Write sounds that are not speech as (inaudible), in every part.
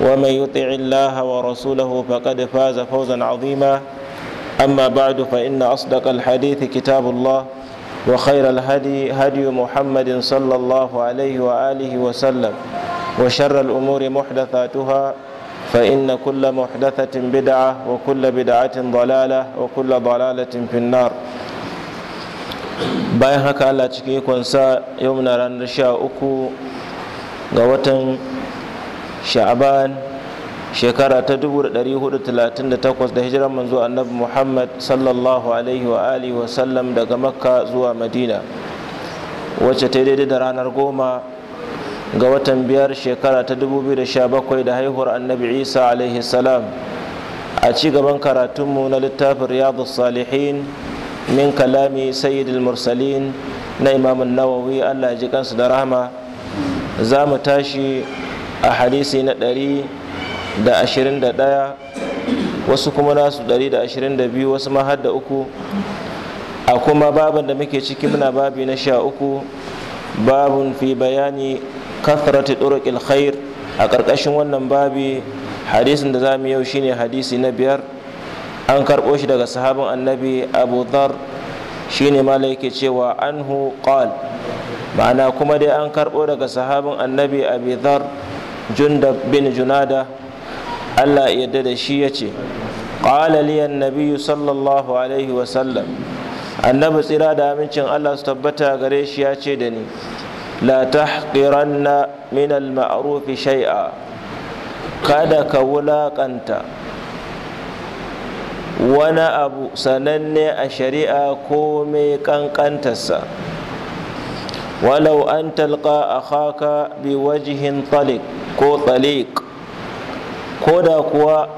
ومن يطع الله ورسوله فقد فاز فوزا عظيما أما بعد فإن أصدق الحديث كتاب الله وخير الهدي هدي محمد صلى الله عليه وآله وسلم وشر الأمور محدثاتها فإن كل محدثة بدعة وكل بدعة ضلالة وكل ضلالة في النار bayan haka Allah cike ikonsa yau muna ranar sha uku ga watan sha'aban shekara ta 438 da hijiran manzo annabi muhammad sallallahu alaihi wa alihi wa sallam daga makka zuwa madina wacce ta daidai da ranar goma ga watan biyar shekara ta 2017 da haihuwar annabi isa alaihi salam a ci gaban karatunmu na littafin riyadu salihin min kalami sayyidul mursalin na imamun nawawi allah ji kansu da rahama za mu tashi a hadisi na ɗari da ashirin da ɗaya wasu kuma nasu ɗari da ashirin da biyu wasu ma har uku a kuma babin da muke ciki muna babi na sha uku babun fi bayani kathrati turuqil khair a ƙarƙashin wannan babi hadisin da za mu yau shine hadisi na biyar an karɓo shi daga sahabin annabi abu dhar shine ma yake cewa anhu qal ma'ana kuma dai an karɓo daga sahabin annabi abu dhar jundab bin junada allah yarda da shi ya ce ƙala liyan nabiyu sallallahu alaihi wasallam annabi tsira da amincin allah su tabbata gare shi ya ce da ni la tahqiranna min al-ma'rufi shay'a kada ka wulaƙanta wani abu sananne a shari'a ko mai ƙanƙantarsa walau an talqa a haka bi wajihin talik ko ko da kuwa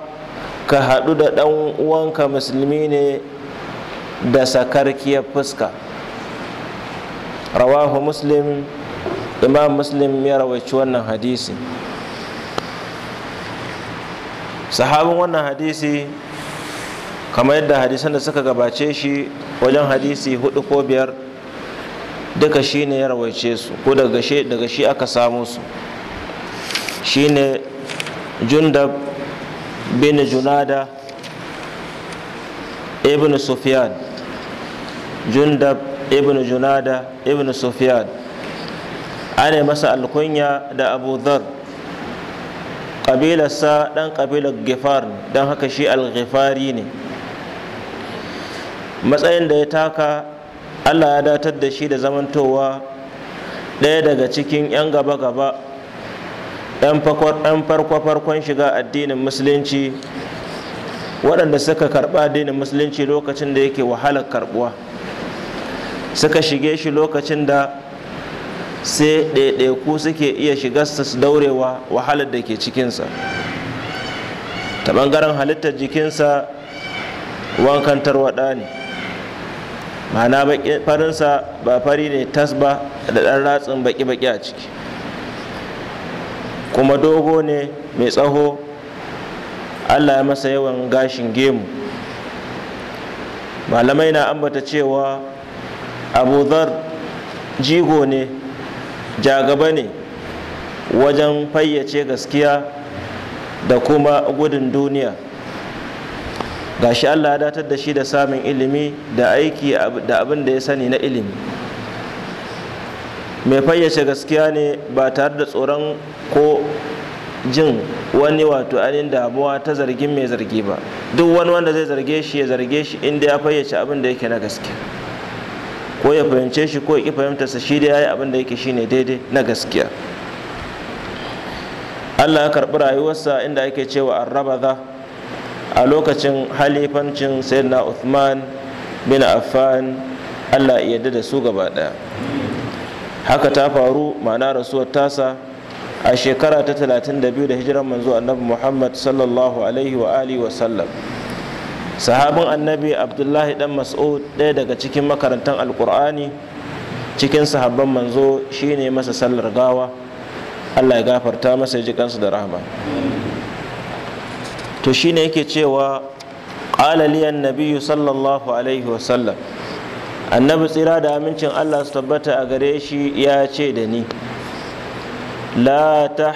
ka haɗu da ɗan uwanka musulmi ne da sakarkiyar fuska rawahu muslim imam muslim ya rawaici wannan hadisi sahabin wannan hadisi kamar yadda hadisan da suka gabace shi wajen hadisi hudu ko biyar duka shi ne ya rawaice su ko daga shi aka samu su shine jundab bin junada ibn sufyan jundab ibn junada ibn sufyan ana masa alkunya da abu dhar ƙabilarsa ɗan ƙabilar gifar don haka shi alghifari ne matsayin da ya taka allah ya datar da shi da zamantowa ɗaya daga cikin 'yan gaba-gaba 'yan farko-farkon shiga addinin musulunci waɗanda suka karɓa addinin musulunci lokacin da yake wahalar karɓuwa suka shige shi lokacin da sai ɗaiɗaiku suke iya shigarsa su daurewa wahalar da ke cikinsa ta ɓangaren halittar jikinsa wankantar waɗa ne ma'ana farinsa ba fari ne tas ba da ɗan ratsin baƙi-baƙi a ciki kuma dogo ne mai tsaho allah ya masa yawan gashin gemu malamai na ambata cewa abu zar jigo ne jagaba ne wajen fayyace gaskiya da kuma gudun duniya gashi allah ya datar da shi da samun ilimi da aiki da abin da ya sani na ilimi mai fayyace gaskiya ne ba tare da tsoron ko jin wani wato ainihin damuwa ta zargin mai zargi ba duk wani wanda zai zarge shi ya zarge shi inda ya fayyace abin da yake na gaskiya? ko ya fahimce shi ko ya ki fahimtarsa shi da ya abin da yake shine daidai na gaskiya allah ya karɓi rayuwarsa inda ake cewa arrabadha a lokacin halifancin sayyidina uthman bin affan allah ya yarda da su gaba ɗaya haka ta faru ma'ana rasuwar tasa a shekara ta 32 da hijiran manzo annabi muhammad sallallahu alaihi wa alihi wa sallam sahabin annabi abdullahi dan mas'ud ɗaya daga cikin makarantar alkur'ani cikin sahabban manzo shine masa sallar gawa allah ya gafarta masa ya ji kansu da rahama to shine yake cewa qala annabiyu sallallahu alaihi wa sallam annabi tsira da amincin allah su tabbata a gare shi ya ce da ni la ta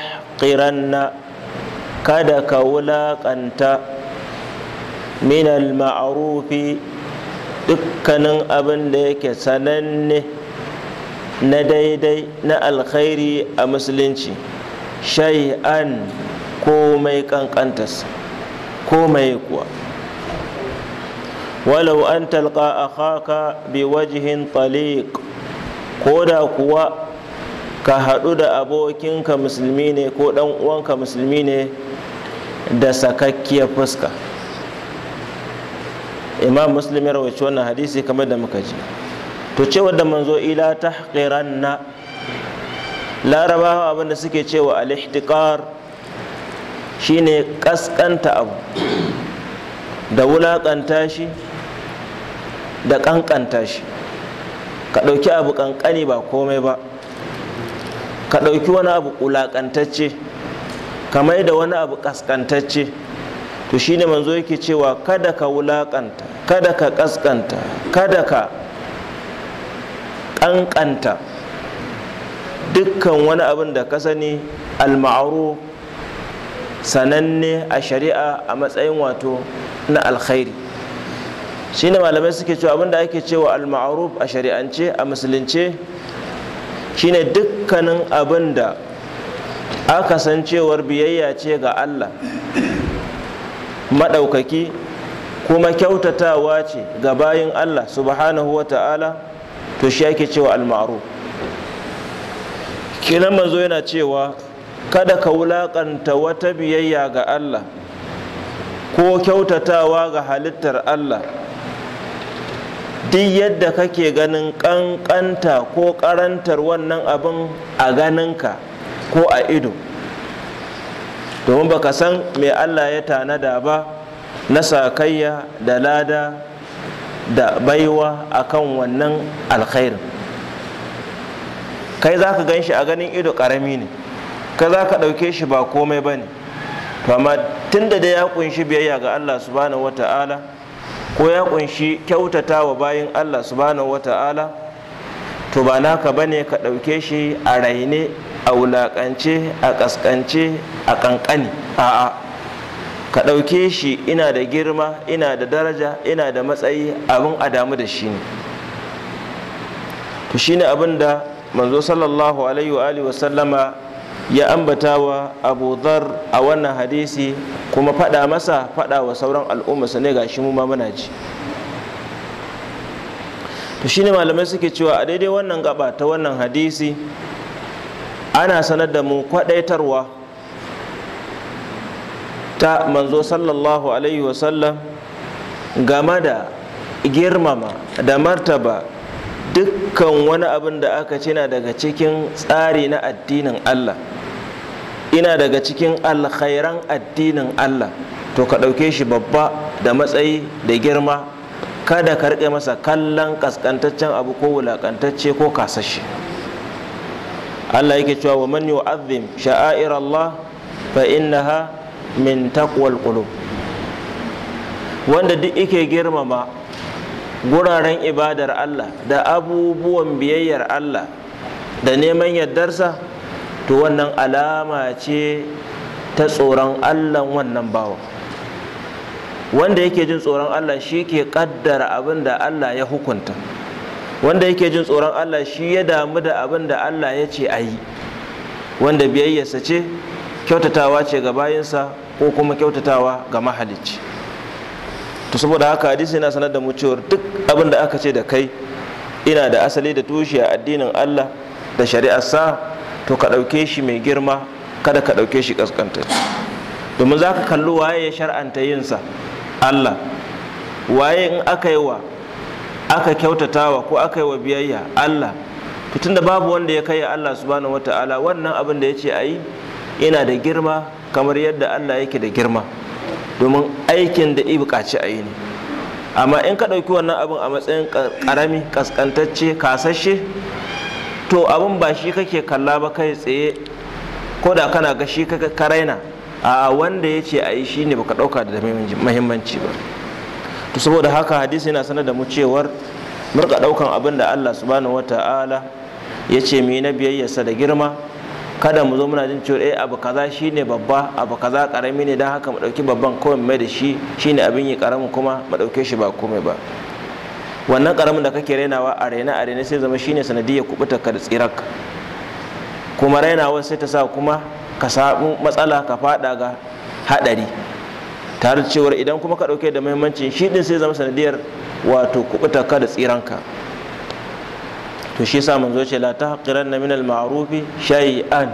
kada ka wulaƙanta minal ma'arufi dukkanin abin da yake sananne na daidai na alkhairi a musulunci shay'an komai kankantarsa komai kuwa walau an talqa akhaka bi wajhin taliq koda kuwa ka haɗu da abokinka musulmi ne ko ɗan uwanka musulmi ne da sakakkiya fuska imam muslim ya rawaci wannan hadisi kamar da muka ji to cewar da manzo ila ta na larabawa abinda suke cewa al-ihtiqar shine kaskanta abu da wulakanta shi da kankanta shi ka ɗauki abu kankani ba komai ba ka ɗauki wani abu ƙulaƙantacce ka mai da wani abu ƙasƙantacce to shine manzo yake cewa kada ka wulaƙanta kada ka ƙasƙanta kada ka ƙanƙanta dukkan wani abin da ka sani almaru sananne a shari'a a matsayin wato na alkhairi Shi ne malamai suke cewa abinda ake cewa al a shari'ance a musulunce shine dukkanin abinda aka san cewar biyayya ce ga Allah maɗaukaki kuma kyautatawa ce ga bayin Allah subhanahu wa ta'ala to shi ake cewa al-ma'ruf kinan manzo yana cewa kada ka wulaƙanta wata biyayya ga Allah ko kyautatawa ga halittar Allah duk yadda kake ganin kankanta ko karantar wannan abin a ganinka ko a ido domin baka san mai allah ya tanada ba na sakayya da lada da baiwa akan wannan alkhairin kai za ka gan shi a ganin ido ƙarami ne kai za ka ɗauke shi ba komai ba ne amma tun da ya kunshi biyayya ga allah subhanahu Ta'ala. ko ya kunshi kyautata wa bayin Allah subhanahu Ta'ala? to ba naka ba ne ka ɗauke shi a raine a wulaƙance a ƙasƙance a ƙanƙani a'a ka ɗauke shi ina da girma ina da daraja ina da matsayi abin a damu da shi ne to shi ne abin da manzo sallallahu alaihi wa sallama ya ambata wa abu dhar a wannan hadisi kuma faɗa masa fada wa sauran al'ummarsa ne gashi mu ma muna ji to shine malamai suke cewa a daidai wannan gaba ta wannan hadisi ana sanar da mu kwadaitarwa ta manzo sallallahu alaihi wasallam game da girmama da martaba dukkan wani abin da aka cina daga cikin tsari na addinin allah ina daga cikin alkhairan addinin Allah to ka ɗauke shi babba da matsayi da girma kada ka riƙe masa kallon ƙasƙantaccen abu ko wulaƙantacce ko kasashe Allah yake cewa wa man yu'azzim sha'air Allah fa innaha min taqwal qulub wanda duk yake girmama guraren ibadar Allah da abubuwan biyayyar Allah da neman yardarsa to wannan alama ce ta tsoron allah wannan bawa wanda yake jin tsoron allah shi ke kaddara abin da allah ya hukunta wanda yake jin tsoron allah shi ya damu da abin da allah ya ce a yi wanda biyayyarsa ce kyautatawa ce ga bayinsa ko kuma kyautatawa ga mahalicci to saboda haka hadisi na sanar da mu duk abin da aka ce da kai ina da asali da tushe a addinin Allah da shari'arsa to ka ɗauke shi mai girma kada ka ɗauke shi ƙasƙanta domin za ka kalli waye ya shar'anta yinsa allah waye in aka yi wa aka kyautatawa ko aka yi wa biyayya allah to tunda babu wanda ya kai allah subhanahu ta'ala wannan abin da ya ce a yi yana da girma kamar yadda allah yake da girma domin aikin da i buƙaci a yi ne amma in ka ɗauki wannan abin a matsayin ƙarami ƙasƙantacce kasashe to abin ba shi kake kalla ba kai tsaye ko da kana ga shi ka raina a wanda ya ce a yi shi ne baka ɗauka da mahimmanci ba to saboda haka hadisi yana sanar da mu cewar murka ɗaukan abin da allah subhanahu wa ta'ala ya ce mu yi na biyayyarsa da girma kada mu zo muna jin cewa eh abu kaza shine babba abu kaza karami ne dan haka mu dauki babban kawai mai da shi shine abin yi karamin kuma mu dauke shi ba komai ba wannan karamin da kake rainawa a raina a raina sai zama shine sanadiyar kubuta ka da tsirak kuma rainawar sai ta sa kuma ka samu matsala ka fada ga hadari tare da cewar idan kuma ka dauke da muhimmanci shi din sai zama sanadiyar wato kubuta ka da tsiranka to shi yasa manzo ce la tahqiranna min al-ma'ruf shay'an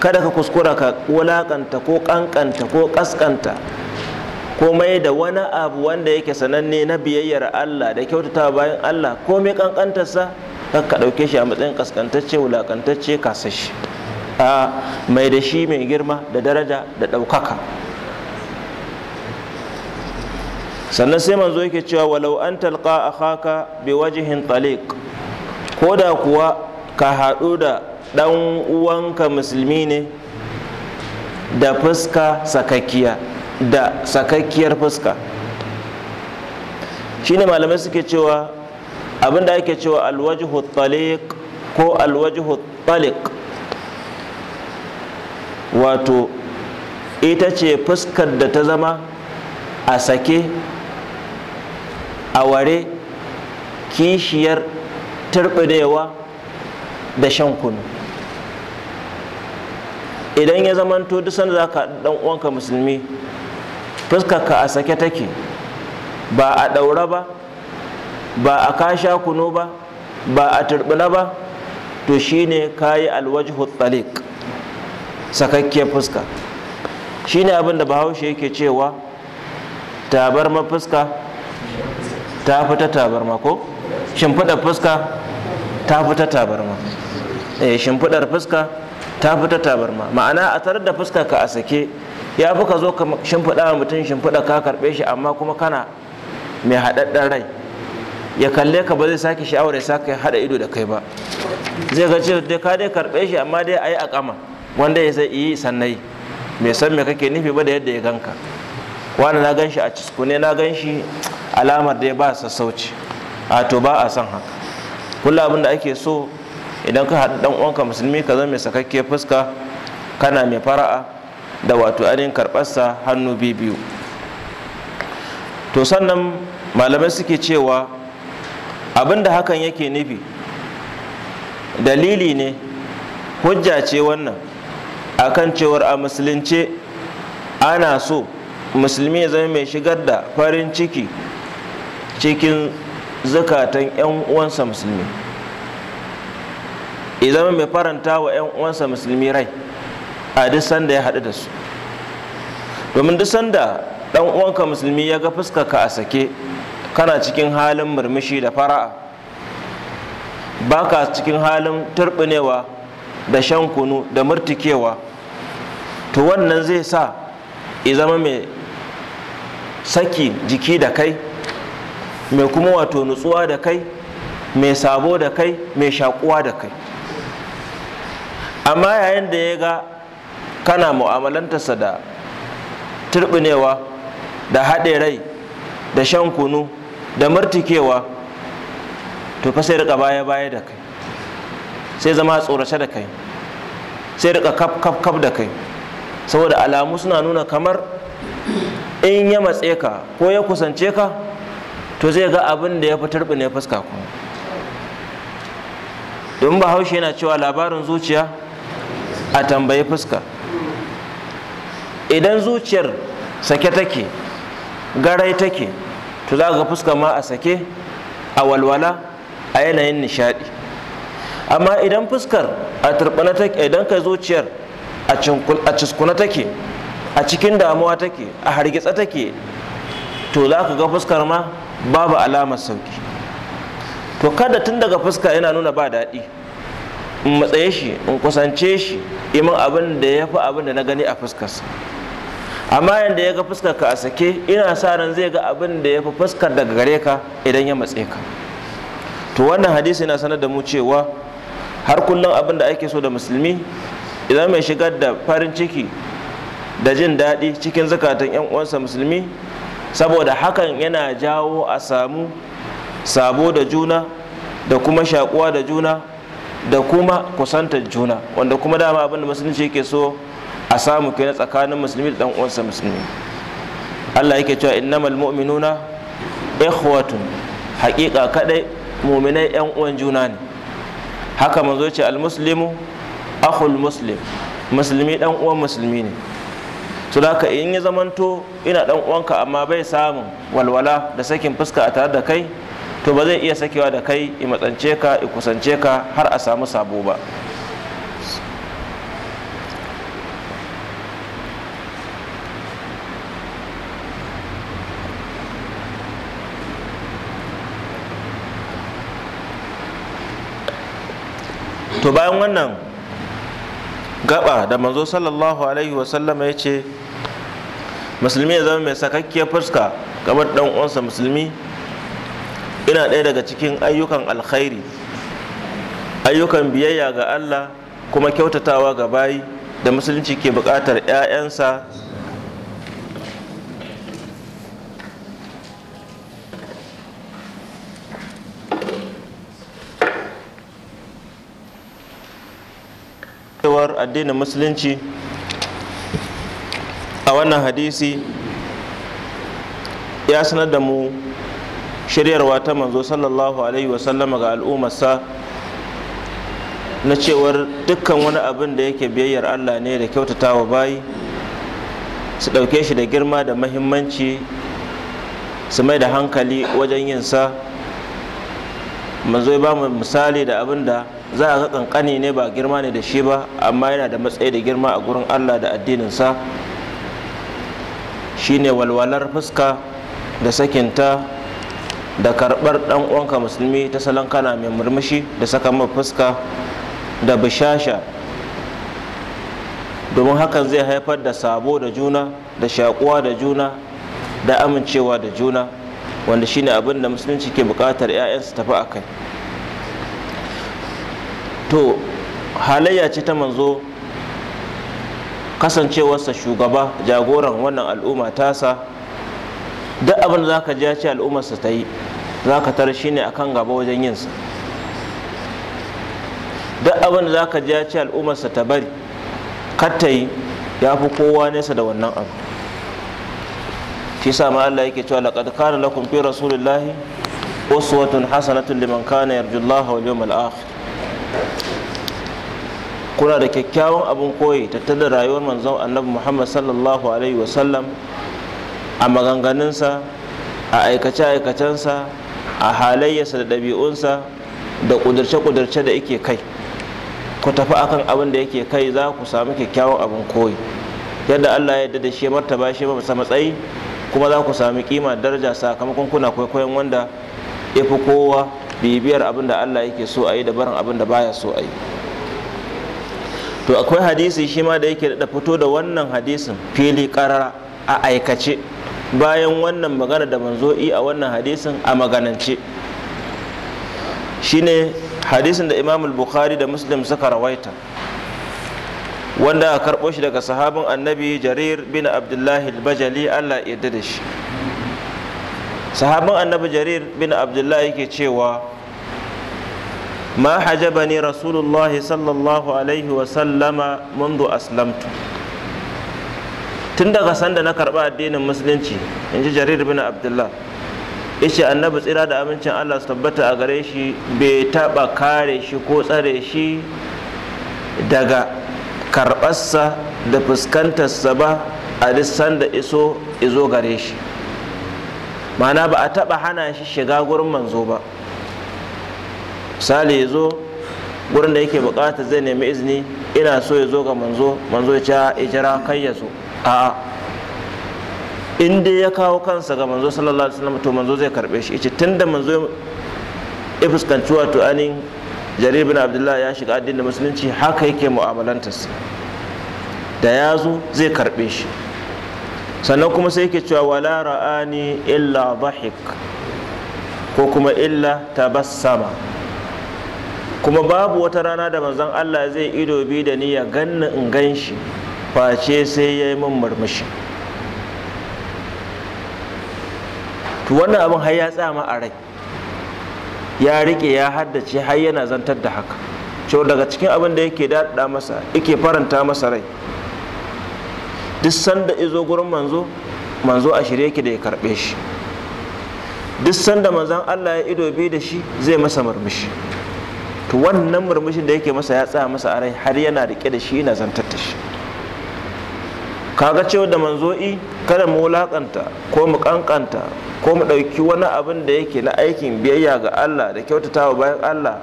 kada ka kuskura ka wulakanta ko kankanta ko kaskanta komai da wani abu wanda yake sananne na biyayyar Allah da kyautata bayan Allah komai kankantarsa ka ɗauke shi a matsayin kaskantacce wulakantacce kasashe a mai da shi mai girma da daraja da ɗaukaka sannan sai manzo yake cewa walau an talqa akhaka bi wajhin taliq ko kuwa ka haɗu da ɗan uwanka musulmi ne da fuska sakakkiya da sakakkiyar fuska shine malamai suke cewa abinda ake cewa alwajhu taliq ko alwajhu taliq wato ita ce fuskar da ta zama a sake a ware kishiyar turbidewa da shan kunu idan ya zamanto duk sanda za ka dan uwanka musulmi fuskarka a sake take ba a ɗaura ba ba a kasha kuno ba ba a turbina ba to shine kayi alwajhu talik sakakkiyar fuska shine abin da bahaushe yake cewa tabarma fuska ta fita tabarma ko shimfiɗar fuska ta fita tabarma eh shimfiɗar fuska ta fita tabarma ma'ana a tarar da fuska ka a sake ya fi ka zo ka shimfiɗa wa mutum shimfiɗa ka karɓe shi amma kuma kana mai haɗaɗɗen rai ya kalle ka ba zai sake sha'awar ya sake haɗa ido da kai ba zai ga cewa dai ka dai karɓe shi amma dai a yi a ƙama. wanda ya sai yi sannai mai san me kake nufi ba da yadda ya ganka wani na gan shi a ciskune na gan shi alamar dai ba sassauci a to ba a son haka kullum abin da ake so idan ka haɗu ɗan uwanka musulmi ka zama mai sakakke fuska kana mai fara'a da wato ainihin karbarsa hannu biyu to sannan malamai suke cewa abinda hakan yake nufi dalili ne hujja ce wannan akan cewar a musulunce ana so musulmi ya zama mai shigar da farin ciki cikin zukatan 'yan uwansa musulmi ya zama mai faranta wa 'yan uwansa musulmi rai a duk sanda ya haɗu da su domin duk sanda ɗan uwanka musulmi ya ga fuska ka a sake kana cikin halin murmushi da fara'a ba ka cikin halin turɓinewa da shan kunu da murtikewa to wannan zai sa ya zama mai saki jiki da kai mai kuma wato nutsuwa da kai mai sabo da kai mai shakuwa da kai amma yayin da ya ga kana mu'amalantarsa da turbinewa da haɗe rai da shan kunu da martikewa to fa sai rika baya baya da kai sai zama tsorace da kai sai rika kaf kaf kaf da kai saboda alamu suna nuna kamar in ya matse ka ko ya kusance ka to zai ga abin da ya fi turbine fuska kuma Don bahaushe yana cewa labarin zuciya a tambayi fuska idan zuciyar sake take garai take to za ga fuska ma a sake a walwala a yanayin nishadi amma idan fuskar a turbana take idan ka zuciyar a ciskuna take a cikin damuwa take a hargitsa take to za ka ga fuskar ma babu alamar sauki to kada tun daga fuska yana nuna ba daɗi in matsaye shi in kusance shi imin abin da ya fi abin da na gani a fuskarsa amma yadda ya ga fuskar ka a sake ina sa ran zai ga abin da ya fi fuskar daga gare ka idan ya matse ka to wannan hadisi yana sanar da mu cewa har kullum abin da ake so da musulmi idan mai shigar da farin ciki da jin daɗi cikin zakatan 'yan uwansa musulmi saboda hakan yana jawo a samu sabo da juna da kuma shakuwa da juna da kuma kusantar juna wanda kuma dama abin da musulunci yake so a samu na tsakanin musulmi da uwansa musulmi Allah yake cewa innamal mu'minuna ikhwatun haƙiƙa kaɗai mu'minai yan uwan juna ne haka manzo ce almuslimu akhul muslim musulmi dan uwan musulmi ne to haka in ya zamanto ina dan uwanka amma bai samun walwala da sakin fuska a tare da kai to ba zai iya sakewa da kai i matsance ka i kusance ka har a samu sabo ba to bayan wannan gaba da manzo sallallahu alaihi wasallama ya ce musulmi ya zama mai sakakkiyar fuska kamar dan uwansa musulmi ina ɗaya daga cikin ayyukan alkhairi ayyukan biyayya ga Allah kuma kyautatawa ga bayi da musulunci ke buƙatar 'ya'yansa addinin musulunci a wannan hadisi ya sanar da mu shiryarwa ta manzo sallallahu alaihi wasallama ga al'ummarsa na cewar dukkan wani abin da yake biyayyar allah ne da kyautata wa bayi su ɗauke shi da girma da mahimmanci su mai da hankali wajen yinsa manzo ya ba mu misali da abin da za a ga kankani ne ba girma ne da shi ba amma yana da matsayi da girma a gurin allah da addininsa shine walwalar fuska da sakinta da karɓar ɗan uwanka musulmi ta salon kana mai murmushi da saka mai fuska da bishasha domin hakan zai haifar da sabo da juna da shakuwa da juna da amincewa da juna wanda shine abin da musulunci ke buƙatar 'ya'yansu tafi a kai to halayya ce ta manzo kasancewarsa shugaba jagoran wannan al'umma tasa duk abin da za ka ji ya ce al'ummarsa ta yi za ka tara shi ne a kan gaba wajen yinsa duk abin da za ka ji ya ce al'ummarsa ta bari katta yi ya fi kowa nesa da wannan abu fi sa ma Allah yake cewa laqad kana lakum fi rasulillahi uswatun hasanatun liman kana yarjullaha wal yawmal akhir kuna da kyakkyawan abin koyi tattalin rayuwar manzon annabi muhammad sallallahu alaihi wasallam a maganganunsa a aikace-aikacensa a halayyarsa da ɗabi'unsa da ƙudurce-ƙudurce da yake kai ku tafi akan abin da yake kai za ku samu kyakkyawan abin koyi yadda allah ya da shi martaba shi masa matsayi kuma za ku sami kima daraja sakamakon kuna kwaikwayon wanda ya fi kowa bibiyar abin da allah yake so a yi da barin abin da baya so a yi to akwai hadisi shi ma da yake da fito da wannan hadisin fili karara a aikace bayan wannan magana da manzo'i a wannan hadisin a maganance shine hadisin da imam bukhari da muslim suka rawaita wanda a karɓo shi daga sahabin annabi jarir bin abdullahi bajali allah yarda da shi sahabin annabi jarir bin abdullahi yake cewa ما حجبني rasulullahi sallallahu alaihi wa sallama وسلم منذ tun daga sanda na karɓi addinin musulunci in ji jarir bin abdullah yace annabi tsira da amincin allah su tabbata a gare shi bai taɓa kare shi ko tsare shi daga karɓarsa da fuskantarsa ba a duk sanda iso izo gare shi ma'ana ba a taɓa hana shi shiga gurin manzo ba misali ya zo gurin da yake bukata zai nemi izini ina so ya zo ga manzo manzo ya ijira kai ya so a in dai ya kawo kansa ga manzo sallallahu alaihi wasallam to manzo zai karbe shi yace tunda manzo ya fuskanci wato anin jarir bin abdullah ya shiga addinin musulunci haka yake mu'amalantarsa da ya zo zai karbe shi sannan kuma sai yake cewa wala ra'ani illa dhahik ko kuma illa tabassama kuma babu wata rana da manzon Allah zai ido bi da ni ya ganni in gan shi face sai ya yi min murmushi to wannan abin har ya tsama a rai ya rike ya haddace har yana zantar da haka To daga cikin abin da yake daɗa masa yake faranta masa rai duk sanda izo gurin manzo manzo a shirye yake da ya karɓe shi duk sanda manzon Allah ya ido bi da shi zai masa murmushi to wannan murmushin da yake masa ya tsaya masa a rai har yana rike da shi yana zantar da shi kaga cewa da manzo'i kada mu wulaƙanta, ko mu ƙanƙanta, ko mu ɗauki wani abin da yake na aikin biyayya ga Allah da kyautata wa bayan Allah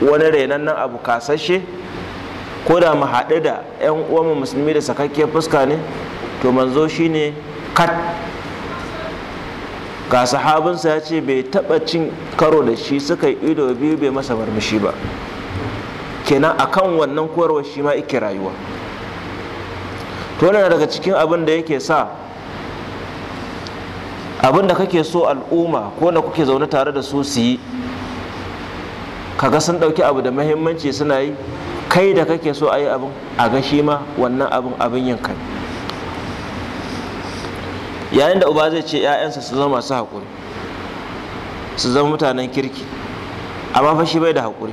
wani renan nan abu kasashe ko da mu haɗu da 'yan uwanmu musulmi da sakakkiyar fuska ne to manzo shine kat ga sahabinsa ya ce bai taɓa cin karo da shi suka yi ido biyu bai masa marmishi ba kenan akan wannan koyarwar shi ma ike rayuwa to na daga cikin abin da yake sa abin da kake so al'umma ko da kuke zaune tare da su su yi kaga sun ɗauki abu da mahimmanci suna yi kai da kake so a yi abin a ga shi ma wannan abin abin yin kai yayin da uba zai ce 'ya'yansa su zama masu haƙuri su zama mutanen kirki amma fa shi bai da haƙuri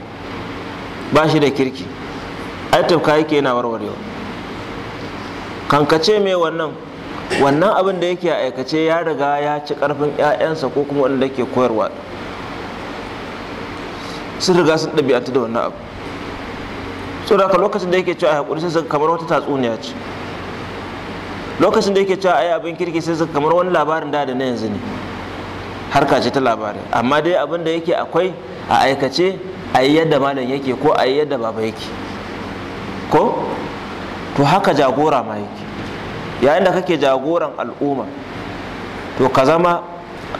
ba shi da kirki ai tafka yake yana warwarewa kankace mai wannan wannan abin da yake aikace ya riga ya ci karfin 'ya'yansa ko kuma wanda ke koyarwa sun riga sun ɗabi'atu da wannan abu saboda haka lokacin da yake cewa a haƙuri sai kamar wata tatsuniya ce lokacin da yake cewa ai abin kirki sai su kamar wani labarin da da na yanzu ne harka ce ta labari amma dai abin da yake akwai a aikace a yi yadda malam yake ko a yi yadda baba yake ko to haka jagora ma yake yayin da kake jagoran al'umma to ka zama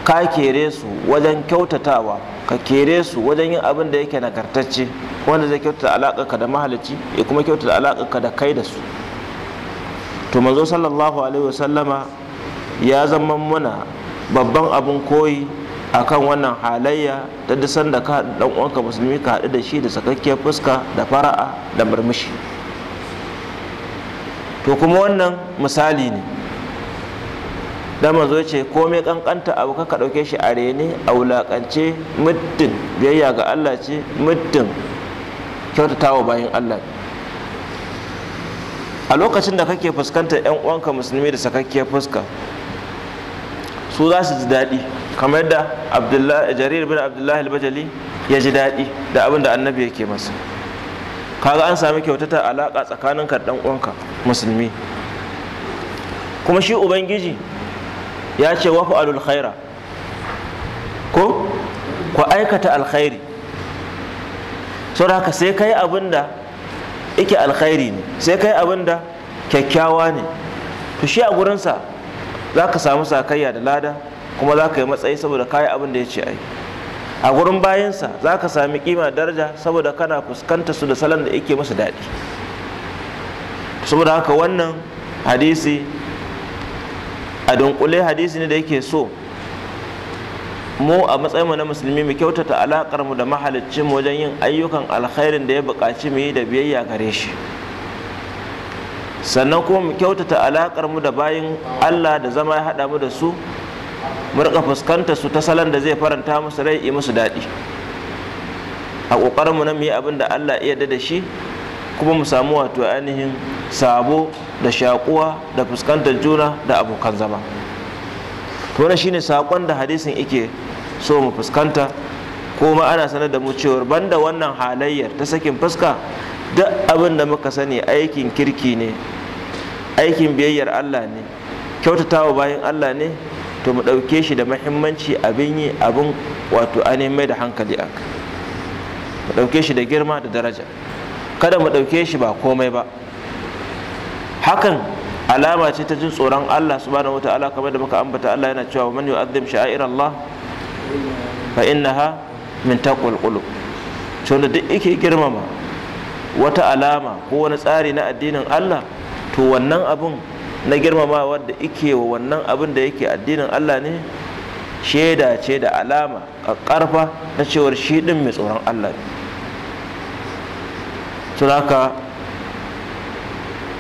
ka kere su wajen kyautatawa ka kere su wajen yin abin da yake nagartacce wanda zai kyautata alaƙarka da mahalicci ya kuma kyautata alaƙarka da kai da su to manzo sallallahu alaihi wasallama ya zama muna babban abin koyi a kan wannan halayya ta da sanda ka dan uwanka musulmi ka haɗu da shi da sakakkiyar fuska da fara'a da murmushi to kuma wannan misali ne da mazo ce komai kankanta abu ka ɗauke shi a rene a wulaƙance muddin biyayya ga Allah ce muddin kyautatawa bayan Allah ne a lokacin da kake fuskantar 'yan uwanka musulmi da sakakkiyar fuska su za su ji daɗi kamar yadda jarir bin abdullahi albajali ya ji daɗi da abin da annabi yake masa kaga an sami kyautata alaƙa tsakanin ka dan uwanka musulmi kuma shi ubangiji ya ce wa fa'alul khaira ko ku aikata alkhairi saboda haka sai kai abin da yake alkhairi ne sai kai abin da kyakkyawa ne to shi a gurinsa za ka samu sakayya da lada kuma za ka yi matsayi saboda kayi abin da ya ce ai a gurin bayansa za ka sami kima daraja saboda kana fuskanta su da salon da yake masa daɗi saboda haka wannan hadisi a dunkule hadisi ne da yake so mu a matsayin mu na musulmi mu kyautata alakar mu da mahaliccin mu wajen yin ayyukan alkhairin da ya buƙaci mu yi da biyayya gare shi sannan kuma mu kyautata alakar mu da bayin Allah da zama ya haɗa mu da su mu rika fuskantar su ta salon da zai faranta musu rai yi musu daɗi a ƙoƙarin mu na mu yi abin da Allah iya da shi kuma mu samu wato ainihin sabo da shakuwa da fuskantar juna da abokan zama to wannan shine sakon da hadisin yake so mu fuskanta ko ana sanar da mu cewa banda wannan halayyar ta sakin fuska duk abin da muka sani aikin kirki ne aikin biyayyar Allah ne kyautatawa bayan Allah ne to mu ɗauke shi da mahimmanci abin yi abin wato ainihin mai da hankali a mu ɗauke shi da girma da daraja kada mu ɗauke shi ba komai ba hakan alama ce ta jin tsoron Allah subhanahu wataala kamar da muka ambata Allah yana cewa man yu'azzim sha'ir Allah fa innaha min taqwal qulub to da duk yake girmama wata alama ko wani tsari na addinin Allah to wannan abun na girmama da yake wa wannan abin da yake addinin Allah ne shaida ce da alama a ƙarfa na cewar shi din mai tsoron Allah ne.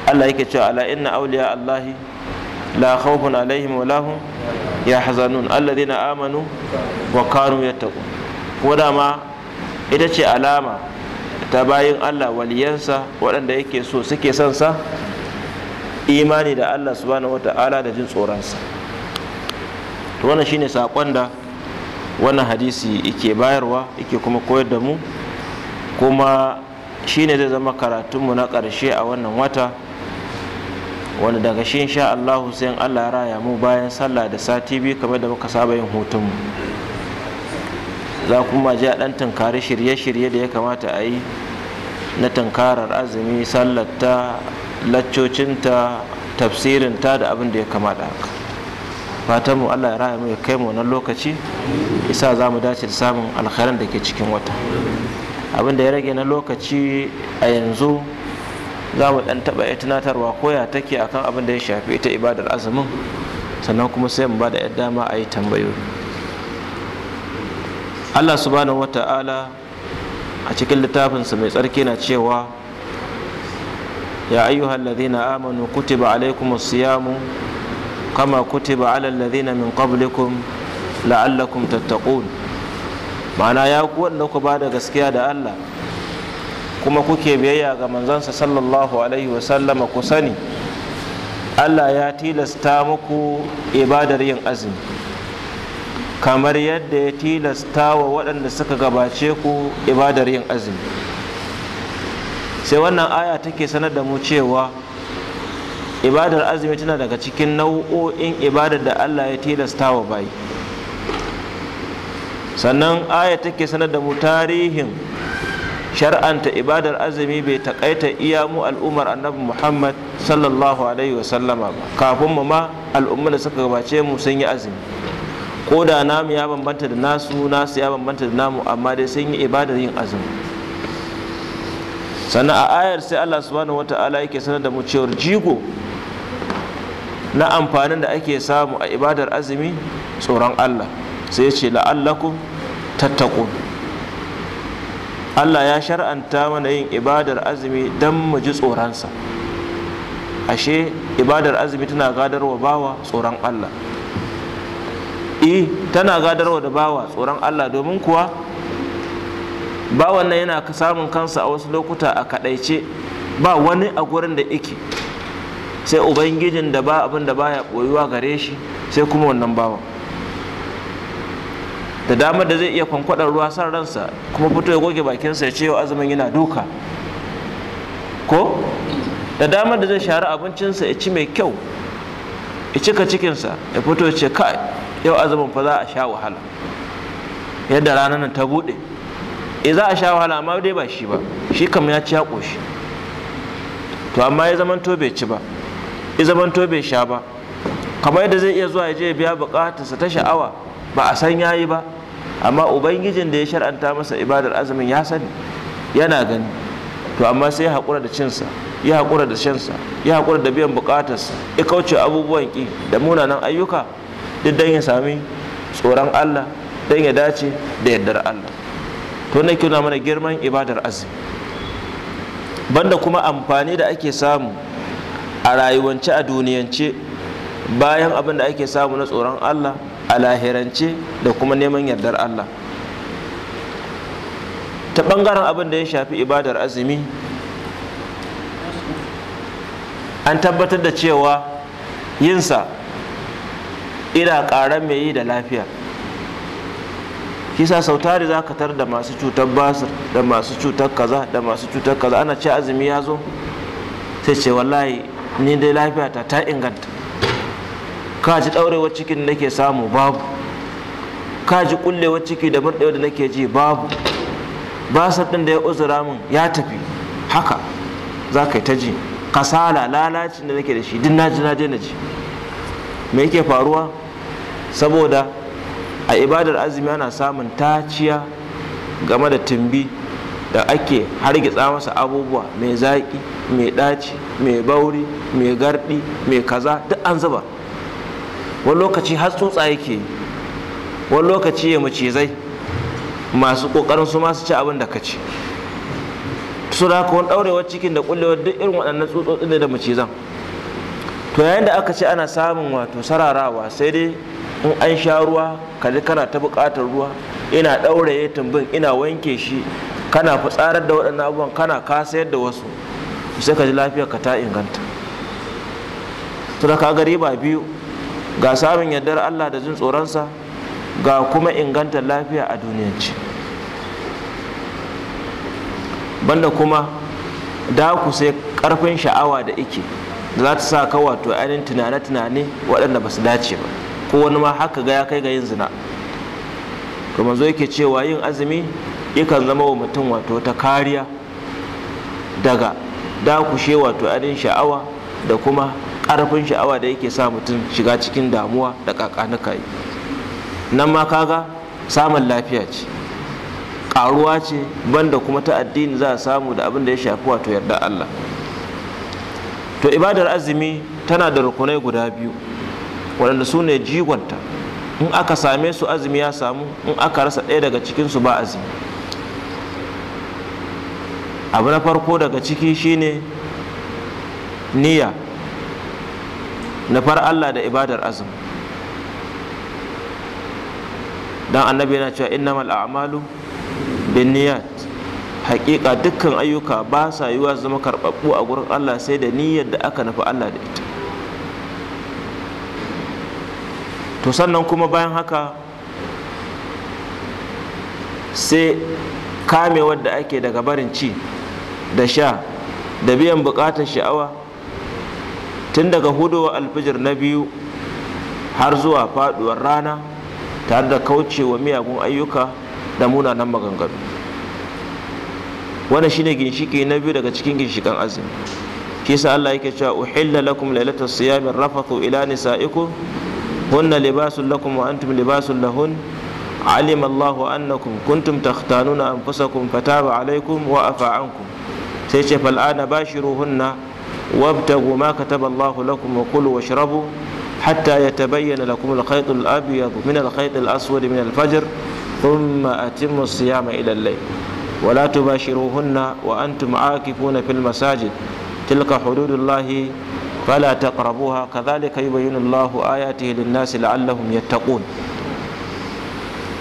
Allah yake cewa ala inna awliya Allahi la khawfun alaihim wa lahum yahzanun alladhina amanu wa kanu yattaqu ko ma ita ce alama ta bayin Allah waliyansa waɗanda yake so suke son sa imani da Allah subhanahu wata'ala da jin tsoronsa to wannan shine sakon da wannan hadisi yake bayarwa yake kuma koyar da mu kuma shine zai zama karatunmu na ƙarshe a wannan wata wanda daga shi insha Allah sai Allah raya mu bayan sallah da sati biyu kamar da muka saba yin hutun mu za kuma ji a dan tunkari shirye-shirye da ya kamata a yi na tunkarar azumi sallarta laccocinta tafsirinta da abin da ya kamata haka fatan mu Allah ya raya mu ya kai mu wannan lokaci isa za mu dace da samun alkhairan da ke cikin wata abin da ya rage na lokaci a yanzu za mu ɗan taba ya tunatarwa koya take akan abin da ya shafi ita ibadar azumin sannan kuma sai mu bada da yadda ma a yi tambayoyi allah subhanahu wa ta'ala a cikin littafinsa mai tsarki na cewa ya ayyuhal ladhina amanu kutiba alaikum siyamu kama kutiba ala ladhina min qablikum la'allakum tattaqun mana ya ku wanda ku bada gaskiya da allah kuma kuke biyayya ga manzansa sallallahu alaihi wasallama ku sani allah ya tilasta muku ibadar yin azumi kamar yadda ya tilasta wa waɗanda suka gabace ku ibadar yin azumi sai wannan aya take sanar da mu cewa ibadar azumi tana daga cikin nau'o'in ibadar da allah ya tilasta wa bayi sannan aya take sanar da mu tarihin shar'anta ibadar azumi bai takaita iya mu al'ummar annabi muhammad sallallahu alaihi wasallama ba kafin mu ma al'ummar da suka gabace mu sun yi azumi ko da namu ya bambanta da nasu nasu ya bambanta da namu amma dai sun yi ibadar yin azumi sannan a ayar sai allah subhanahu wata'ala yake sanar da mu cewar jigo na amfanin da ake samu a ibadar azumi tsoron allah sai ya ce la'allakum tattaqun Allah ya shar'anta mana yin ibadar azumi don mu ji tsoronsa ashe ibadar azumi tana gadarwa bawa tsoron Allah E tana gadarwa da bawa tsoron Allah domin kuwa bawan nan yana samun kansa a wasu lokuta a kadaice ba wani a gurin da ike sai ubangijin da ba abin da baya ɓoyuwa gare shi sai kuma wannan bawan da damar da zai iya kwankwadar ruwa san ransa kuma fito ya goge bakinsa ya ce yau azumin yana duka ko da damar da zai share abincinsa ya ci mai kyau ya cika cikinsa ya fito ya ce kai yau azumin fa za a sha wahala yadda ranar nan ta buɗe e za a sha wahala amma dai ba shi ba shi kam ya ci ya ƙoshi to amma ya zamanto bai ci ba ya zamanto bai sha ba kamar yadda zai iya zuwa ya je biya bukatarsa ta sha'awa ba a san yayi ba amma ubangijin da ya shar'anta masa ibadar azumin ya sani yana gani to amma sai ya haƙura da cinsa ya haƙura da shansa ya haƙura da biyan bukatarsa ya kauce abubuwan ki da munanan ayyuka duk don ya sami tsoron Allah don ya dace da yardar Allah to ne kuna mana girman ibadar azumi banda kuma amfani da ake samu a rayuwance a duniyance bayan abin da ake samu na tsoron Allah a lahirance da kuma neman yardar Allah ta ɓangaren abin da ya shafi ibadar azumi an tabbatar da cewa yinsa ina ƙara mai yi da lafiya kisa sau tari za ka tar da masu cutar basir da masu cutar kaza da masu cutar kaza ana ce azumi ya zo sai ce wallahi ni dai lafiyata ta inganta ka ji ɗaurewar cikin da nake samu babu ka ji ƙullewar ciki da murɗewar da nake ji babu ba ɗin da ya uzura min ya tafi haka za ka yi ta ji kasala lalacin da nake da shi duk naji na ji me yake faruwa saboda a ibadar azumi ana samun taciya game da tumbi da ake hargitsa masa abubuwa mai zaƙi mai ɗaci mai bauri mai garɗi mai kaza duk an zuba wani lokaci har tsutsa yake wani lokaci ya macizai masu kokarin su masu ci abin da ka ci su da haka wani ɗaurewar cikin da kullewar duk irin waɗannan tsutsotsi ne da macizan to yayin da aka ce ana samun wato sararawa sai dai in an sha ruwa ji kana ta buƙatar ruwa ina ɗauraye tumbin ina wanke shi kana fitsarar da waɗannan abubuwan kana kasayar da wasu sai ka ji lafiyar ka ta inganta to da ka riba biyu ga samun yardar Allah da jin tsoronsa ga kuma inganta lafiya a duniyanci banda kuma da ku sai karfin sha'awa da ike za ta sa ka wato ainihin tunane-tunane waɗanda ba su dace ba ko wani ma haka ga ya kai ga yin zina kuma zo yake cewa yin azumi yakan zama wa mutum wato ta kariya daga dakushe wato ainihin sha'awa da kuma ƙarfin sha'awa da yake sa mutum shiga cikin damuwa da kakanuka yi nan ma kaga samun lafiya ce ƙaruwa ce banda kuma ta addini za a samu da abin da ya shafi wato yarda Allah to ibadar azumi tana da rukunai guda biyu waɗanda su ne jigonta in aka same su azumi ya samu in aka rasa ɗaya daga cikinsu ba azumi abu na farko daga ciki shine niyya nufar Allah da ibadar azum. dan annabi yana cewa innamal a'malu binniyat Hakika dukkan ayyuka ba sa yiwa zama karɓaɓɓu a gurin Allah sai da niyyar da aka nufi Allah da ita to sannan kuma bayan haka sai kame da ake daga barin ci da sha da biyan bukatar sha'awa tun daga hudowa alfijir na biyu har zuwa faduwar rana tare da kaucewa miyagun ayyuka da munanan maganganu wannan shine ginshiki na biyu daga cikin ginshikan azumi shi sa Allah yake cewa uhilla lakum lailatul siyami rafathu ila nisaikum hunna libasul lakum wa antum libasul lahun علم الله أنكم كنتم تختانون أنفسكم فتاب عليكم وأفى عنكم سيشف الآن باشروهن وابتغوا ما كتب الله لكم وكلوا واشربوا حتى يتبين لكم الخيط الأبيض من الخيط الأسود من الفجر ثم أتموا الصيام إلى الليل ولا تباشروهن وأنتم عاكفون في المساجد تلك حدود الله فلا تقربوها كذلك يبين الله آياته للناس لعلهم يتقون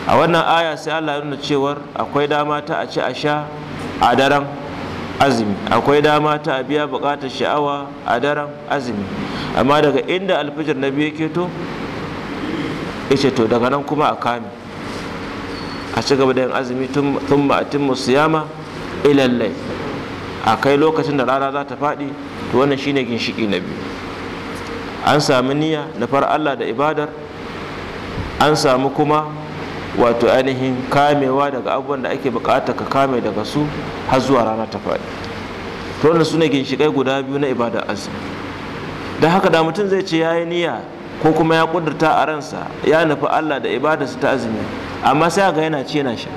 a wannan aya sai Allah ya nuna cewar akwai dama ta a ci a sha a daren azumi akwai dama ta biya buƙatar sha'awa a daren azumi amma daga inda alfijir na biyu ke to ishe to daga nan kuma a kame a ci gaba da yin azumi tun ma'atin yama ilallai a kai lokacin da rana za ta faɗi to wannan shine ginshiki na biyu an sami niyya na far Allah da ibadar an sami kuma wato ainihin kamewa daga abubuwan da ake bukata ka kame daga su har zuwa rana ta faɗi to wannan su ginshiƙai guda biyu na ibada azumi da haka da mutum zai ce ya yi niyya ko kuma ya kudurta a ransa ya nufi allah da ibadarsa ta azumi amma sai ga yana ci yana sha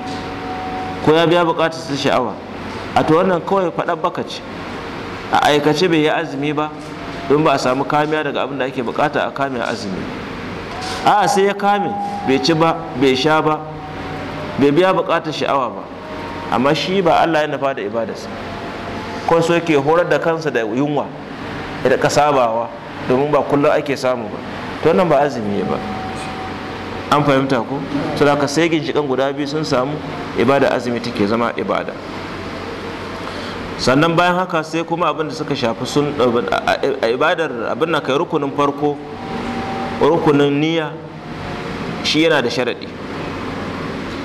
ko ya biya bukatar su sha'awa a to wannan kawai faɗar baka ce a aikace bai yi azumi ba don ba a samu kamiya daga abin da ake bukata a kame azumi a sai ya kame bai ci ba bai sha ba bai biya bukatar sha'awa ba amma shi ba Allah ya nufa da ibadarsa ko so yake horar da kansa da yunwa da kasabawa domin ba kullum ake samu ba to nan ba azumi ba an fahimta ko ka sai ginshikan guda biyu sun samu ibada azumi take zama ibada sannan bayan haka sai kuma abin da suka shafi sun ibadar abin na kai rukunin farko rukunin niyya shi yana da sharaɗi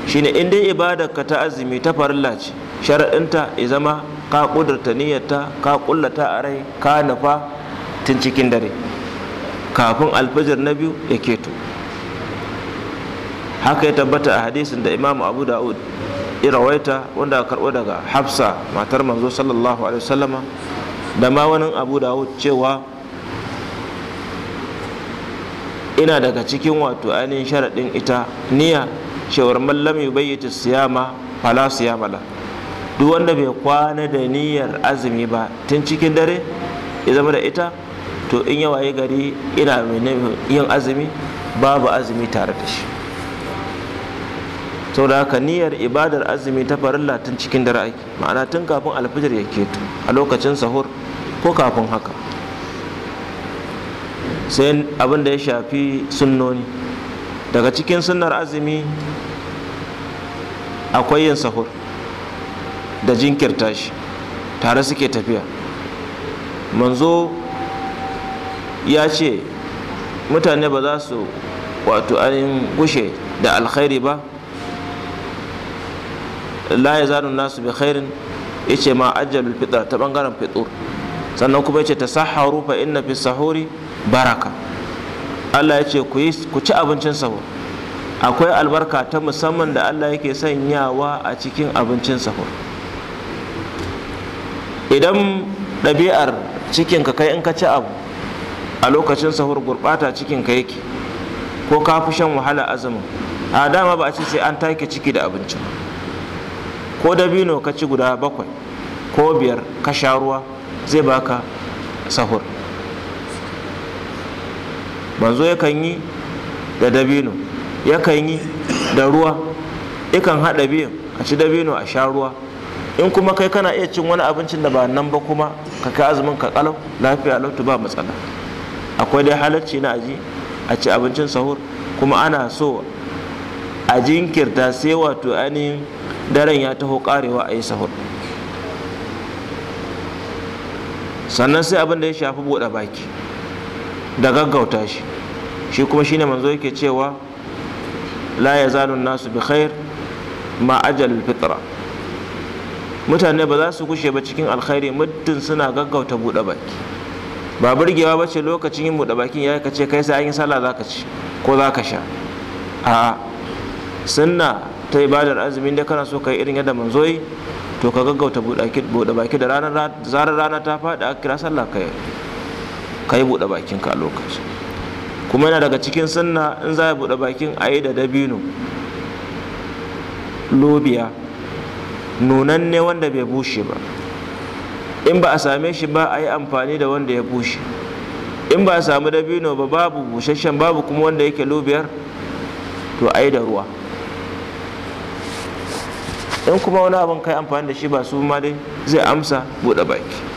shine in dai ibadarka ta azumi ta farilla ce sharaɗinta ya zama ka ƙudurta niyyarta ka ƙullata a rai ka nufa tun cikin dare kafin alfajir na biyu ya keto haka ya tabbata a hadisin da imam abu da'ud rawaita wanda a karɓo daga hafsa matar manzo sallallahu alaihi wasallama da ma wani abu da'ud cewa ina daga cikin wato ainihin sharaɗin ita niyya shawar mallam yubayyita siyama fala siyama la duk wanda bai kwana da niyyar azumi ba tun cikin dare ya zama da ita to in ya yi gari ina yin azumi babu azumi tare da shi sau da haka niyyar ibadar azumi ta farilla tun cikin dare ake ma'ana tun kafin alfijir ya keto a lokacin sahur ko kafin haka sai abin da ya shafi sunnoni daga cikin sunnar azumi akwai yin sahur da jinkirta shi tare suke tafiya manzo ya ce mutane ba za su wato ainihin gushe da alkhairi ba la ya zanu nasu bi khairin ya ce ma ajjalul fitra ta bangaren fitur sannan kuma ya ce ta saharu fa inna fi sahuri baraka Allah ya ce ku ci abincin sahur akwai albarka ta musamman da Allah yake sanyawa a cikin abincin sahur idan ɗabi'ar cikinka kai in ka ci abu a lokacin sahur gurɓata cikinka yake ko ka fi shan wahala azumin a dama ba a ce sai an take ciki da abinci ko dabino ka ci guda bakwai ko biyar ka sha ruwa zai baka sahur manzo yakan yi da dabino yakan yi da ruwa yakan haɗa biyan a ci dabino a sha ruwa in kuma kai kana iya cin wani abincin da ba nan ba kuma ka kai azumin ka kalau lafiya lautu ba matsala akwai dai halarci na aji a ci abincin sahur kuma ana so a jinkirta sai wato ainihin daren ya taho karewa a yi sahur sannan sai abin da ya shafi buɗe baki da gaggauta shi shi kuma shine manzo yake cewa la yazalu nasu bi khair ma ajal fitra mutane ba za su kushe ba cikin alkhairi muddin suna gaggauta buɗe baki ba burgewa ba ce lokacin yin buɗe bakin ya kace kai sai an yi sallah zaka ci ko zaka sha a sunna ta ibadar azumin da kana so kai irin yadda manzo yi to ka gaggauta buɗe baki da ranar zarar rana ta faɗi a kira sallah kai ka yi buɗe bakin ka a lokacin kuma yana daga cikin sunna in za a buɗe bakin a yi da dabino lobiya nunan ne wanda bai bushe ba in ba a same shi ba a yi amfani da wanda ya bushe in ba a samu dabino ba babu busasshen babu kuma wanda yake lobiyar to a yi da ruwa in kuma wani abin kai amfani da shi ba su ma dai zai amsa buɗe baki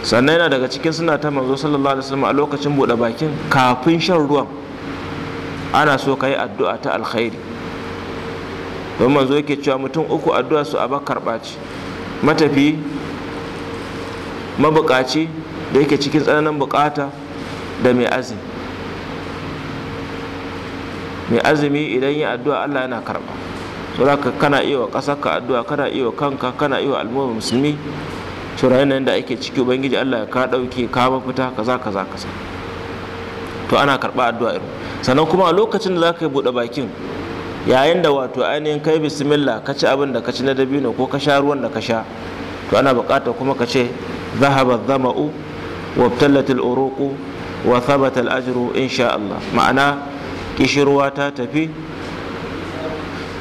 sannan yana daga cikin suna ta manzo sallallahu alaihi wasallam a lokacin buɗe bakin kafin shan ruwan ana so ka yi addu'a ta alkhairi don manzo yake cewa mutum uku addu'a su aba ce, matafi mabuƙaci da yake cikin tsananin buƙata da mai azumi mai azumi idan yi addu'a Allah yana karɓa saboda kana iya wa ƙasarka addu'a kana iya wa kanka kana iya wa al'ummar musulmi cewa da ake ciki ubangiji Allah ka dauke ka mafita kaza kaza kaza to ana karba addu'a irin sannan kuma a lokacin da zaka ka yi buɗe bakin yayin da wato ainihin kai bismillah ka ci abin da ka ci na dabino ko ka sha ruwan da ka sha to ana buƙatar kuma ka ce zahaba zama'u wabtallatil uruqu wa thabata al-ajru insha Allah ma'ana kishirwa ta tafi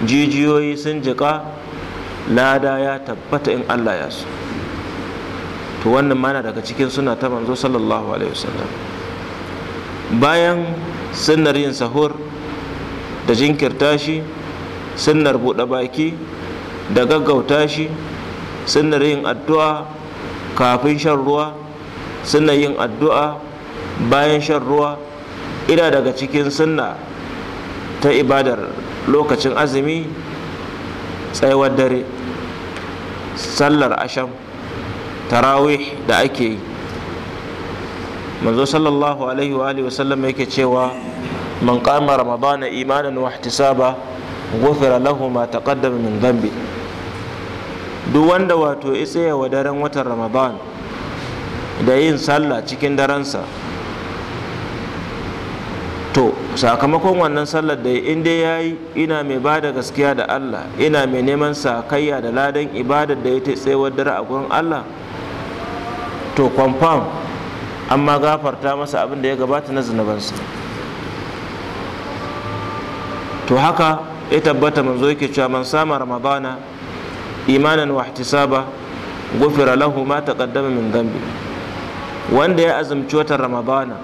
jijiyoyi sun jiƙa lada ya tabbata in Allah ya so to wannan mana daga cikin suna ta manzo sallallahu alaihi wasallam bayan sunnar yin sahur da jinkirta shi sunnar buɗe baki da gaggauta shi sunnar yin addu'a kafin shan ruwa sunnar yin addu'a bayan shan ruwa ina daga cikin sunna ta ibadar lokacin azumi tsayuwar dare sallar asham tarawih da ake yi manzo sallallahu alaihi wa alihi wasallam yake cewa man qama ramadana imanan wa ihtisaba ghufira lahu ma taqaddama min dhanbi duk wanda wato ya tsaya wa daren watan ramadan da yin sallah cikin daransa to sakamakon wannan sallar da in dai ya yi ina mai ba da gaskiya da allah ina mai neman sakayya da ladan ibadar da ya ta tsayawar dare a gurin allah to kwamfam amma gafarta masa abin da ya gabata na zunubansa to haka ya tabbata manzo yake cewa man sama ramadana imanan wa ihtisaba gufira lahu ma taqaddama min dhanbi wanda ya azumci watan ramadana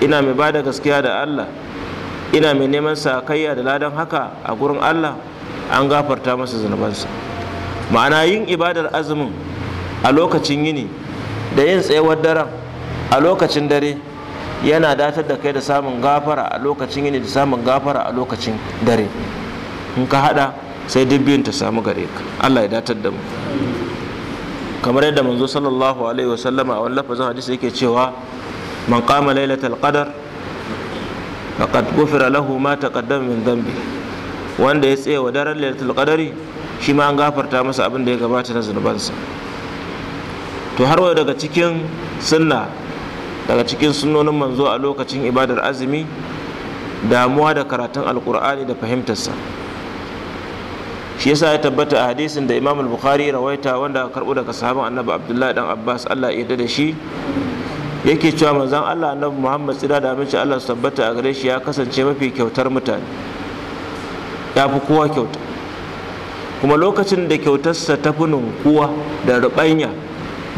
ina mai bada gaskiya da Allah ina mai neman sakayya da ladan haka a gurin Allah an gafarta masa zunubansa ma'ana yin ibadar azumin a lokacin yini da yin tsayawar daren a lokacin dare yana datar da kai da samun gafara a lokacin yini da samun gafara a lokacin dare in ka hada sai duk biyun ta samu gare ka Allah ya datar da mu kamar yadda manzo sallallahu alaihi wa sallama a wani lafazin hadisi yake cewa man qama lailatul qadar faqad ghufira lahu ma taqaddama min dhanbi wanda ya tsaya wa daren lailatul qadari shi ma an gafarta masa abin da ya gabata na zunubansa to har wayo daga cikin sunna daga cikin sunnonin manzo a lokacin ibadar azumi damuwa da karatun alkur'ani da fahimtarsa shi yasa ya tabbata a hadisin da imam al-bukhari rawaita wanda aka karbo daga sahabban annabi abdullahi dan abbas allah ya yarda da shi yake cewa manzon allah annabi muhammad Sida da aminci allah su tabbata a gare shi ya kasance mafi kyautar mutane ya fi kowa kyauta kuma lokacin da kyautarsa ta fi ninkuwa da rubanya.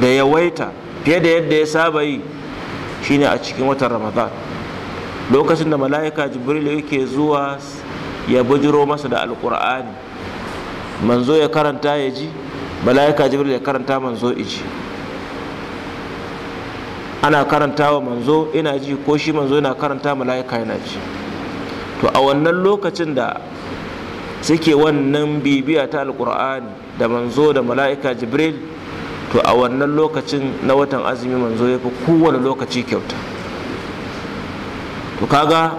da yawaita fiye da yadda ya saba yi shine a cikin watan ramadan lokacin da mala'ika jibril yake zuwa ya bujiro masa da alkur'ani manzo ya karanta ya ji mala'ika jibril ya karanta manzo iji ana karanta wa manzo ina ji ko shi manzo yana karanta mala'ika yana ji to a wannan lokacin da suke wannan bibiya ta alkur'ani da manzo da mala'ika jibril to a wannan lokacin na watan azumi manzo ya fi kowane lokaci kyauta to kaga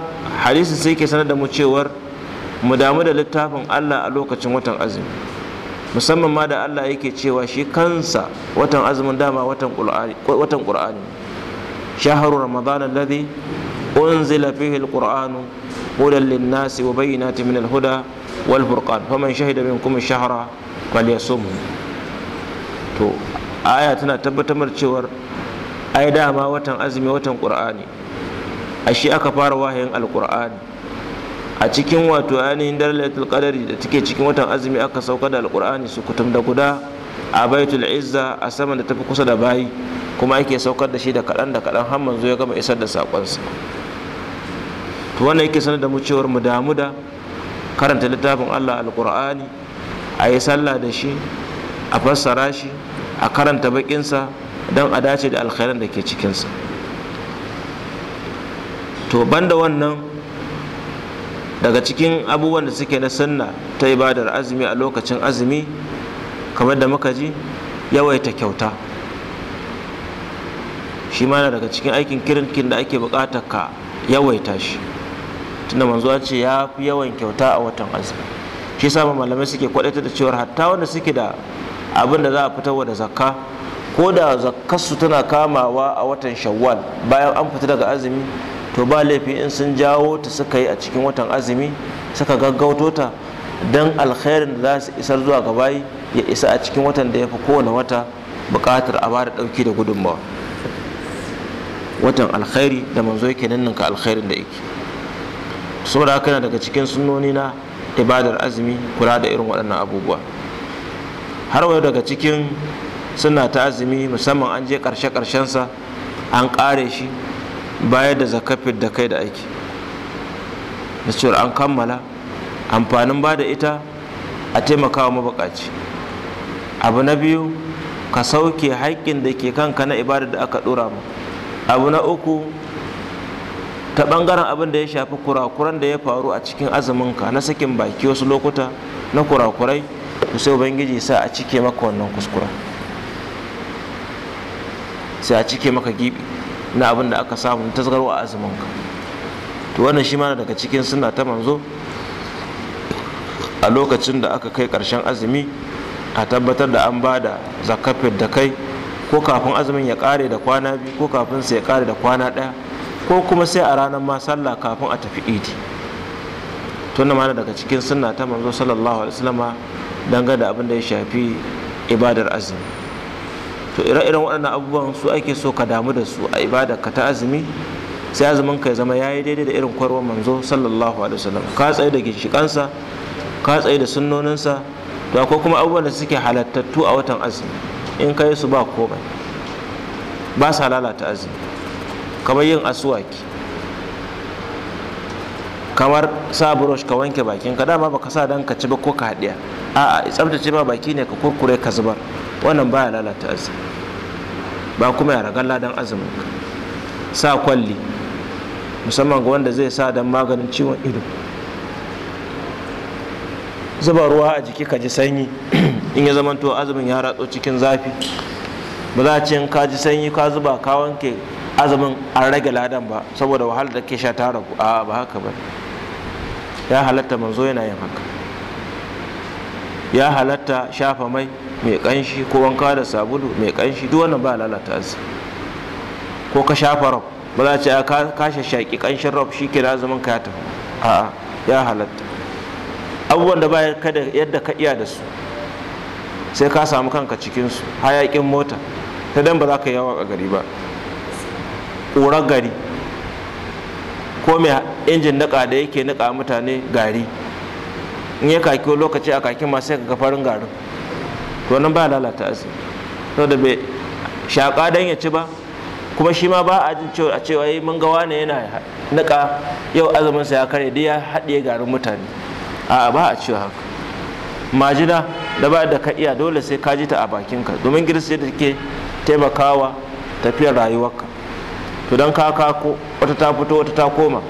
hadisi sai ke sanar da mu cewar mu damu da littafin Allah a lokacin watan azumi musamman ma da Allah yake cewa shi kansa watan azumin dama watan ƙur'ani shaharu ramadan alladhi unzila fihi alqur'anu hudan linnasi wa bayyinati min alhuda wal furqan faman shahida minkum ash-shahra falyasum to aya tana tabbatar mar cewar ai dama watan azumi watan qur'ani a shi aka fara wahayin alqur'ani a cikin wato ainihin darlatul qadari da take cikin watan azumi aka sauka da alqur'ani su kutum da guda a baitul izza a saman da tafi kusa da bayi kuma ake saukar da shi da kaɗan da kaɗan har manzo ya gama isar da sakonsa to wannan yake sanar da mu cewar mu damu da karanta littafin Allah alqur'ani a yi sallah da shi a fassara shi a karanta bakinsa don a dace da alkhairan da ke cikinsa to banda wannan daga cikin abubuwan da suke na sunna ta ibadar azumi a lokacin azumi kamar da muka ji yawaita kyauta shi ma daga cikin aikin kirinkin da ake bukata ka yawaita shi tunda manzo ce ya fi yawan kyauta a watan azumi shi sa malamai suke kwadata da cewar hatta wanda suke da abin da za a fitarwa da zakka ko da zakkarsu tana kamawa a watan shawwal bayan an fita daga azumi to ba laifi in sun jawo ta suka yi a cikin watan azumi suka gaggauto ta don alkhairin da za su isar zuwa ga ya isa a cikin watan da ya fi kowane wata buƙatar a bada ɗauki da gudunmawa watan alkhairi da manzo yake nan ka alkhairin da yake saboda haka daga cikin sunnoni na ibadar azumi kula da irin waɗannan abubuwa har wayo daga cikin suna ta azumi musamman an je karshe karshensa an ƙare shi bayar da zakafin da kai da aiki da an kammala amfanin ba da ita a taimakawa mabukaci abu na biyu ka sauke haƙƙin da ke kanka na ibada da aka ɗora mu abu na uku ta ɓangaren abin da ya shafi kurakuran da ya faru a cikin azuminka na sakin baki wasu lokuta na kurakurai to sai ubangiji sa a cike maka wannan kuskuren sai a cike maka gibi na abin da aka samu tasgarwa azumin ka to wannan shi ma daga cikin suna ta manzo a lokacin da aka kai karshen azumi a tabbatar da an ba da zakafin da kai ko kafin azumin ya kare da kwana biyu ko kafin sai ya kare da kwana ɗaya ko kuma sai a ranar ma sallah kafin a tafi idi tun da daga cikin sunna ta manzo sallallahu alaihi wasallama dangane da abin da ya shafi ibadar azumi to ire-iren waɗannan abubuwan su ake so ka damu da su a ibada ka ta azumi sai azumin ka ya zama yayi daidai da irin kwarwar manzo sallallahu alaihi wasallam ka tsaye da ginshikansa ka tsaye da sunnoninsa to akwai kuma abubuwan da suke halattattu a watan azumi in ka yi su ba komai ba sa lalata azumi kamar yin asuwaki kamar sa burush ka wanke bakin ka dama baka sa dan ka ci ba ko ka haɗiya a'a tsaftace ba baki ne ka kurkure ka zubar wannan baya lalata azumi ba kuma ya ragar ladan azumin ka sa kwalli musamman ga wanda zai sa dan maganin ciwon ido zuba ruwa a jiki ka ji sanyi (clears throat) in ya zama zamanto azumin ya ratso cikin zafi ba za ce ka ji sanyi ka zuba ka wanke azumin an rage ladan ba saboda wahalar da ke sha ta ragu a ba haka ba ya halatta manzo yana yin haka ya halatta shafa mai mai kanshi ko wanka da sabulu mai kanshi duk wannan ba lalata azumi ko ka shafa rab ba za a ce ah, ka shashaki kanshin rab shi ke azumin ka ta a ya halatta abubuwan da kada yadda ka iya da su sai ka samu kanka cikinsu hayakin mota ta dan ba za ka yawa a gari ba ƙurar gari ko mai injin niƙa da yake niƙa mutane gari in ya kaki lokaci a kakin masu yaka ga garin to nan ba lalata to da bai shaƙa dan ya ci ba kuma shi ma ba a jin cewa a cewa yi mun gawa ne yana niƙa yau sa ya kare da ya haɗe garin mutane a ba a cewa haka majina da ba da ka iya dole sai ka ji ta a bakinka domin girsi da ke taimakawa tafiyar rayuwarka to don ka kako wata ta fito wata ta koma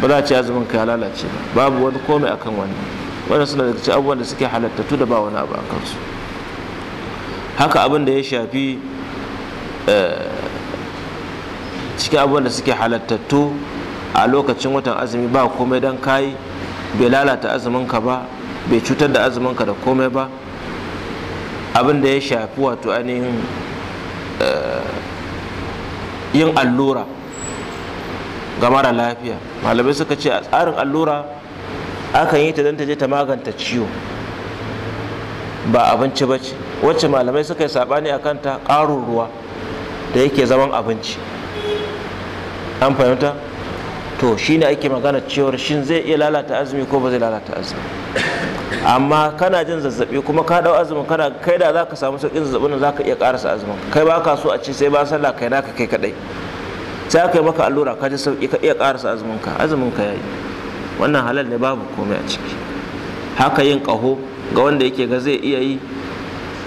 ba za a ce azumin ka ya lalace ba babu wani komai akan wannan wannan suna daga cikin abubuwan da suke halattattu da ba wani abu a kansu haka abin da ya shafi eh, cikin abubuwan da suke halattattu a lokacin watan azumi ba komai don kayi bai lalata azuminka ba bai cutar da azuminka da komai ba abin da ya shafi wato ainihin eh, yin allura ga mara lafiya malamai suka ce a tsarin allura akan yi ta don ta je ta maganta ciwo ba abinci ba ce wacce malamai suka yi saɓani a kanta ƙarin ruwa da yake zaman abinci an fahimta to shi ne ake magana cewar shin zai iya lalata azumi ko ba zai lalata azumi amma kana jin zazzabi kuma ka dau azumin kana kai da za ka samu sauƙin zazzabin za ka iya ƙarasa azumin kai ba ka so a ce sai ba sallah kai naka kai kaɗai sai aka yi maka allura ka ji sauki ka iya karasa azumin ka azumin ka yayi wannan halal ne babu komai a ciki haka yin kaho ga wanda yake ga zai iya yi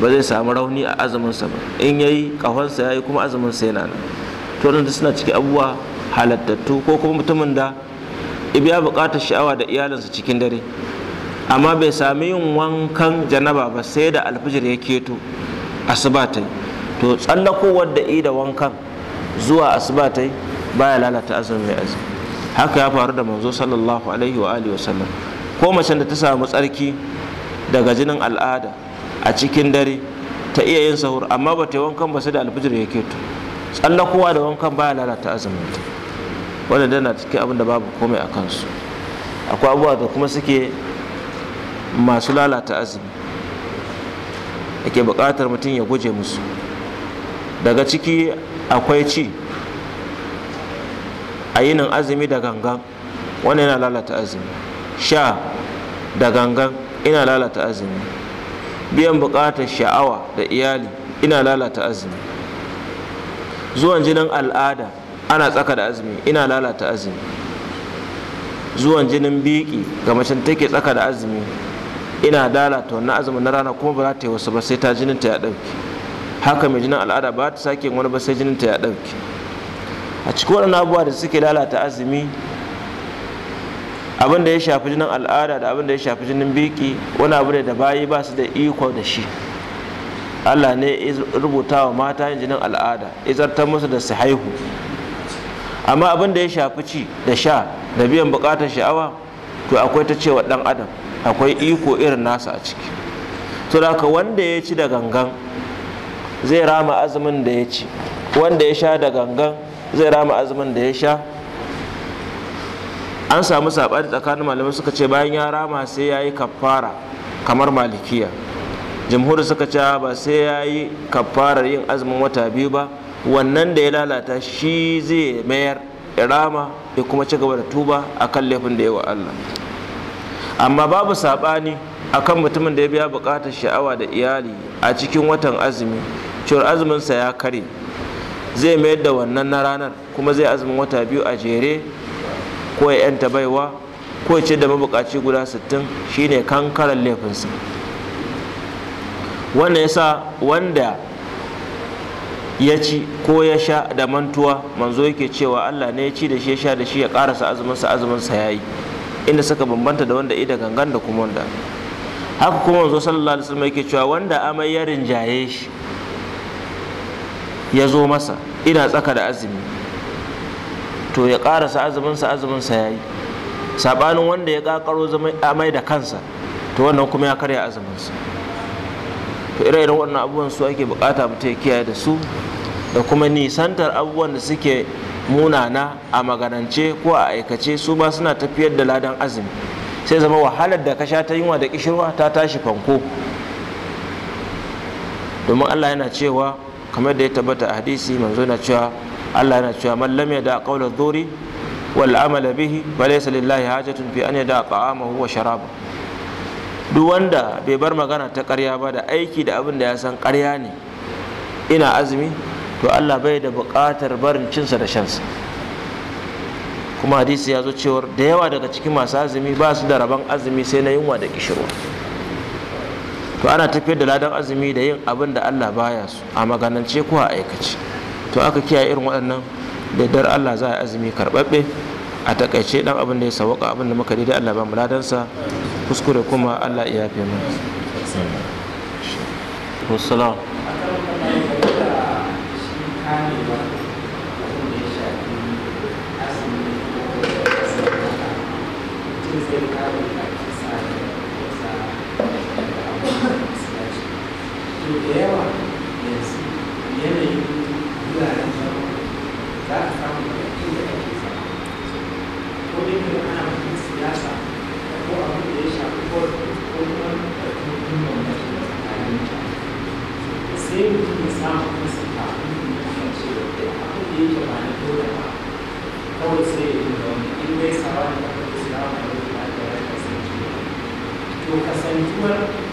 ba zai samu rauni a azuminsa ba in yayi ƙahonsa yayi kuma azumin sa yana nan to da suna ciki abubuwa halattattu ko kuma mutumin da ya buƙatar sha'awa da iyalinsa cikin dare amma bai sami yin wankan janaba ba sai da alfijir ya keto asuba to tsallakowar da i da wankan zuwa asibatai ba ya baya lalata azumi mai azumi haka ya faru da manzo sallallahu alaihi wa alihi wasallam ko macen da ta samu tsarki daga jinin al'ada a cikin dare ta iya yin sahur amma ba ta yi wankan ba sai da alfijir ya keto kowa da wankan baya lalata azumin ta wanda na cikin abin da babu komai a kansu akwai abubuwa da kuma suke masu lalata azumi ake bukatar mutum ya guje musu daga ciki akwai ci a yinin azumi da gangan wani yana lalata azumi sha da gangan ina lalata azumi biyan bukatar sha'awa da iyali ina lalata azumi zuwan jinin al'ada ana tsaka da azumi ina lalata azumi zuwan jinin biki ga macen take tsaka da azumi ina lalata wannan azumin na rana kuma ba za ta yi wasu ba sai ta jinin ta ya ɗauki haka mai jinin al'ada ba ta sake wani ba sai jinin ta ya ɗauke a cikin waɗannan abubuwa da suke lalata azumi abin da ya shafi jinin al'ada da abin da ya shafi jinin biki wani abu da bayi ba su da iko da shi allah ne ya rubuta wa mata yin jinin al'ada ya musu da su haihu amma abin da ya shafi ci da sha da biyan bukatar sha'awa to akwai ta cewa dan adam akwai iko irin nasa a ciki to da wanda ya ci da gangan zai rama azumin da ya ci wanda ya sha da gangan zai rama azumin da ya sha an samu saɓani tsakanin malamai suka ce bayan ya rama sai ya yi kafara kamar malikiya jamhuri suka ce ba sai ya yi kafarar yin azumin wata biyu ba wannan da ya lalata shi zai mayar rama, ya kuma ci gaba da tuba a kan laifin da ya wa Allah amma babu saɓani a kan mutumin da ya biya buƙatar sha'awa da iyali a cikin watan azumi cewar azuminsa ya kare zai mayar da wannan na ranar kuma zai azumin wata biyu a jere ko ya yanta baiwa ko ya ce da mabukaci guda 60 shine kankaran laifinsa wannan yasa wanda ya ci ko ya sha da mantuwa manzo yake cewa Allah ne ya ci da shi ya sha da shi ya karasa azuminsa azuminsa ya yi inda suka bambanta da wanda ida gangan da kuma wanda haka kuma manzo sallallahu alaihi wasallam yake cewa wanda amai ya rinjaye shi ya zo masa ina tsaka da azumi to ya karasa azuminsa azuminsa ya yi saɓanin wanda ya ƙaƙaro amai da kansa to wannan kuma ya karya azuminsa to ire-iren wannan abubuwan su ake bukata mutu ya kiyaye da su da kuma nisantar abubuwan da suke munana a maganance ko a aikace su ma suna tafiyar da ladan azumi sai zama wahalar da ka sha ta yiwa da kishirwa ta tashi fanko domin allah yana cewa kamar da ya tabbata a hadisi manzo na cewa Allah yana cewa man ya da qawla dhuri wal amala bihi fa laysa lillahi hajatun fi an yada ta'amahu wa sharaba duk wanda bai bar magana ta ƙarya ba da aiki da abin da ya san ƙarya ne ina azumi to Allah bai da buƙatar barin cinsa da shansa kuma hadisi ya zo cewar da yawa daga cikin masu azumi ba su da rabon azumi sai na yunwa da kishirwa to ana tafiyar da ladan azumi da yin abin da Allah baya su a maganance ko a aikace to aka kiyaye irin waɗannan da dar Allah za a azumi karɓaɓɓe a takaice ɗan abin da ya sauka abin da muka daidai Allah ba mu ladansa kuskure kuma Allah ya yafe mana Thank you. que ela pensa e ela vilareja da família que é que fala. Quando ele ama, ele se acha, é bom, ele deixa o corpo como uma no momento dessa carência. Sempre começar a pensar em gente, a política vai na toda lá. Pode ser, então, ele pensa lá na capacidade da realidade, ela vai sentir. Educação em tua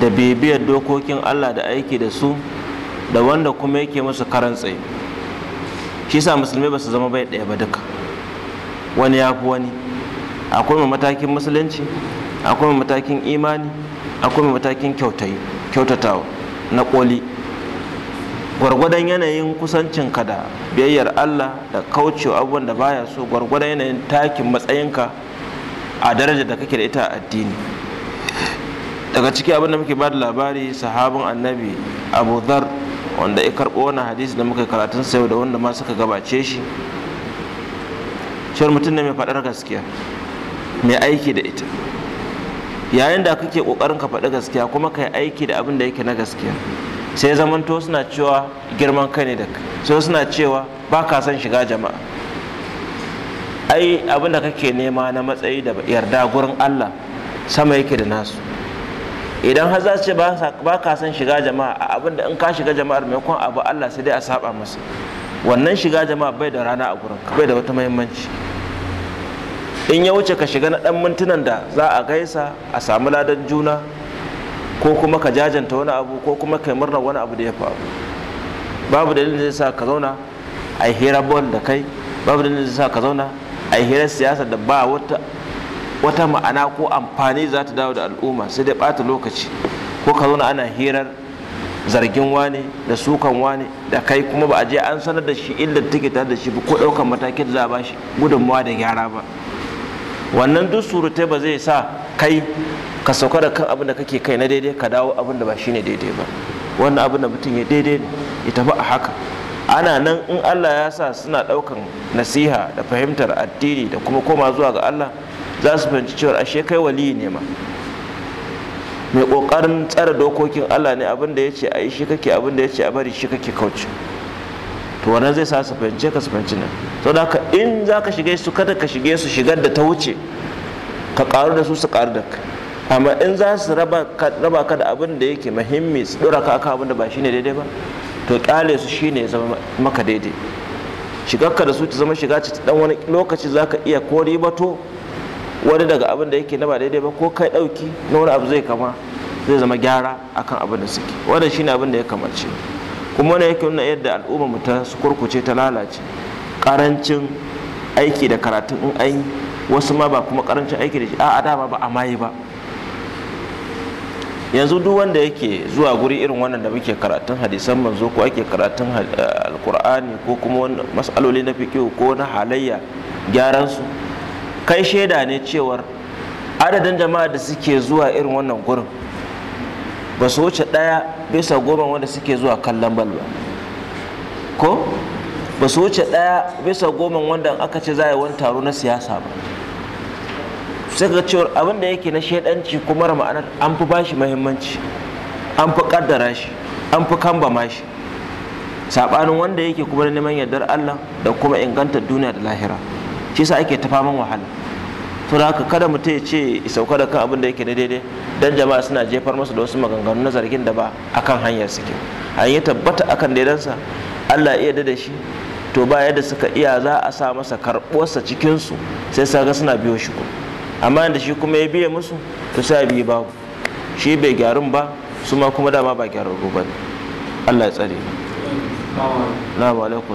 da bibiyar dokokin Allah da aiki da su da wanda kuma yake musu karan tsaye shi sa musulmai ba su zama bai ɗaya ba duka wani ya fi wani akwai mai matakin musulunci akwai mai matakin imani akwai mai matakin kyautatawa na koli gwargwadon yanayin kusancinka da biyayyar Allah da kaucewa abubuwan da baya so gwargwadon yanayin takin matsayinka a daraja da kake da ita a addini daga ciki abin da muke ba da labari sahabin annabi abu dhar wanda ya karɓo wani hadisi da muka karatun sayo da wanda ma suka gabace shi cewar mutum ne mai faɗar gaskiya mai aiki da ita yayin da kake ƙoƙarin ka faɗi gaskiya kuma ka yi aiki da abin da yake na gaskiya sai zamanto suna cewa girman kai ne da sai suna cewa ba ka son shiga jama'a ai abin da kake nema na matsayi da yarda gurin allah sama yake da nasu idan har za su ce ba ka san shiga jama'a a abin da in ka shiga jama'ar maimakon abu Allah sai dai a saba masa wannan shiga jama'a bai da rana a gurin bai da wata muhimmanci in ya wuce ka shiga na dan mintunan da za a gaisa a samu ladan juna ko kuma ka jajanta wani abu ko kuma kai murna wani abu da ya faru babu dalilin da zai sa ka zauna a hira bol da kai babu dalilin da zai sa ka zauna a hira siyasa da ba wata wata ma'ana ko amfani za ta dawo da al'umma sai dai bata lokaci ko ka zauna ana hirar zargin wane da sukan wane da kai kuma ba a je an sanar da shi illar take tare da shi ba ko ɗaukar matakin da za a ba shi gudunmawa da gyara ba wannan duk surutai ba zai sa kai ka sauka da kan abin da kake kai na daidai ka dawo abin da ba shine daidai ba wannan abin da mutum ya daidai ne ya tafi a haka ana nan in Allah ya sa suna ɗaukan nasiha da fahimtar addini da kuma koma zuwa ga Allah za su fahimci cewar ashe kai wali ne ma mai kokarin tsara dokokin Allah ne abin da ya ce a yi shi kake abin da ya ce a bari shi kake kauce to wannan zai sa su fahimce ka su fahimci nan to da ka in za ka shige su kada ka shige su shigar da ta wuce ka karu da su su karu da kai. amma in za su raba ka da abin da yake muhimmi su dora ka aka abin da ba shine daidai ba to kyale su shine ya zama maka daidai shigar ka da su ta zama shiga ce ta dan wani lokaci za ka iya ko ribato wani daga abin da yake na ba daidai ba ko kai ɗauki na wani abu zai kama zai zama gyara akan abin da suke wannan shine abin da ya kamace kuma wannan yake nuna yadda al'umma mu ta kurkuce ta lalace karancin aiki da karatun in an yi wasu ma ba kuma karancin aiki da shi a dama ba a mayi ba yanzu duk wanda yake zuwa guri irin wannan da muke karatun hadisan manzo ko ake karatun alkur'ani eh, ko kuma mas'aloli na fiqh ko na halayya gyaran su kai shaida ne cewar adadin jama'a da suke zuwa irin wannan gurin ba su wuce ɗaya bisa goma wanda suke zuwa kallon bal ba ko ba su wuce ɗaya bisa goma wanda aka ce za a yi wani taro na siyasa ba sai ga cewar abinda yake na shaidanci kuma ma'anar an fi bashi muhimmanci an fi kaddara shi an fi kambama shi saɓanin wanda yake kuma neman yardar allah da kuma inganta duniya da lahira shi yasa ake tafa min wahala to da haka kada mutum ya ce sauka da kan abin da yake daidai dan jama'a suna jefar masa da wasu maganganu na zargin da ba akan hanyar suke an yi tabbata akan daidansa Allah iya da shi to ba yadda suka iya za a sa masa karɓuwarsa su sai sa ga suna biyo shi amma yadda shi kuma ya biye musu to sai biyu babu shi bai gyarun ba su ma kuma dama ba gyararru ba ne Allah ya tsare. Na'am alaikum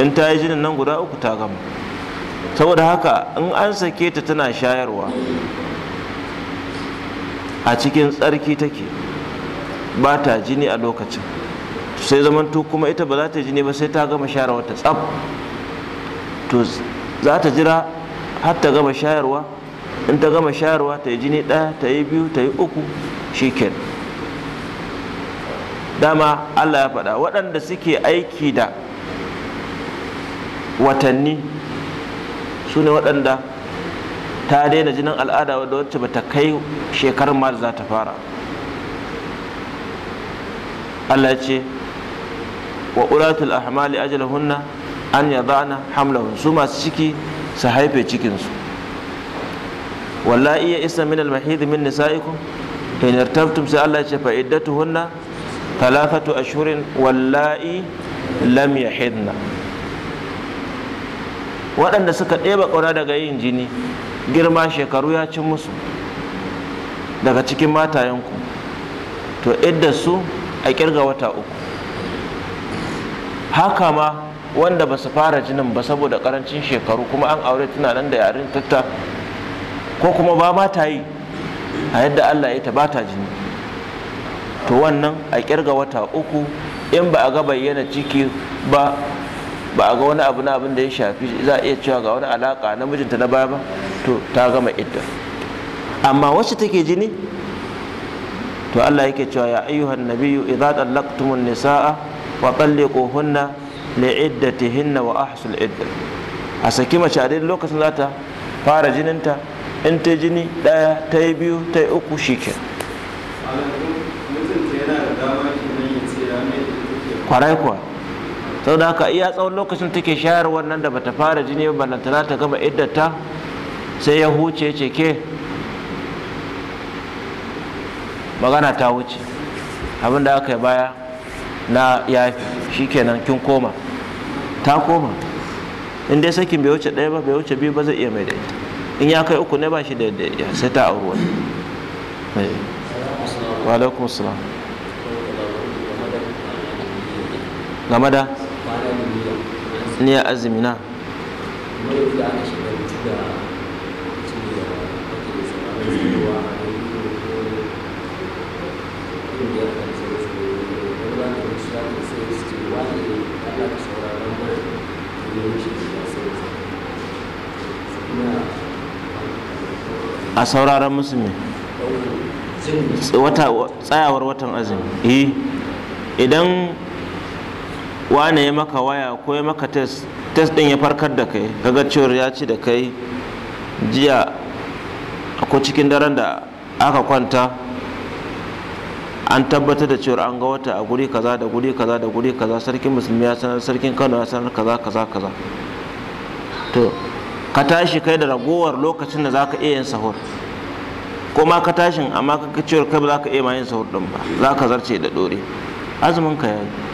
in ta yi jinin nan guda uku ta gama saboda haka in an sake ta tana shayarwa a cikin tsarki take ba ta jini a lokacin sai zaman to kuma ita ba za ta jini ba sai ta gama shayarwa ta tsaf to za ta jira har ta gama shayarwa in ta gama shayarwa ta yi jini ɗaya ta yi biyu ta yi uku shiken dama allah ya faɗa waɗanda suke aiki da watanni su ne waɗanda ta daina jinin al'ada wadda wacce ba ta kai shekarun ma za ta fara Allah ya ce wa ulatul ahmali ajalahunna an yadana hamlahun su masu ciki su haife cikinsu wallahi iya isa min al-mahid min nisa'ikum in irtabtum sai Allah ya ce fa hunna. thalathatu ashhurin wallahi lam yahidna waɗanda suka ɗeba ƙura daga yin jini girma shekaru ya cin musu daga cikin matayenku to idda su a ƙirga wata uku haka ma wanda ba su fara jinin ba saboda ƙarancin shekaru kuma an aure tana nan da yarin tatta ko kuma ba mata yi a yadda allah ya ta ba ta jini to wannan a ƙirga wata uku in ba a ga bayyana ciki ba ba a ga wani abu na abin da ya shafi za a iya cewa ga wani alaka na mijinta na baya ba to ta gama idda amma wacce take jini to Allah yake cewa ya ayyuhan nabiyyu idza talaqtumun nisaa wa talliquhunna li'iddatihinna wa ahsul idda a saki mace a daidai lokacin za ta fara jininta in ta jini ɗaya ta yi biyu ta yi uku shi ke kwarai kuwa saboda haka iya tsawon lokacin take shayar wannan da bata fara jini ba tana ta gama iddata sai ya huce ce ke magana ta wuce abin da aka yi baya na shi shikenan kin koma ta koma in dai sakin bai wuce ɗaya ba bai wuce biyu ba zai iya mai da ita in ya kai uku ne ba shi da yadda sai ta auri wani eh. wa alaikum salam game da niyya azumi na a sauraron musulmi tsayawar watan azumi eh, idan wane ya maka waya ko ya maka test test din ya farkar da kai kaga cewar ya ci da kai jiya ko cikin daren da aka kwanta an tabbatar da cewar an ga wata a guri kaza da guri kaza da guri kaza sarkin musulmi ya sanar sarkin kano ya sanar kaza kaza kaza to ka tashi kai da ragowar lokacin da zaka iya yin sahur ko ma ka tashin amma ka cewar kai ba za ka iya ma yin sahur din ba za ka zarce da dore azumin ka yayi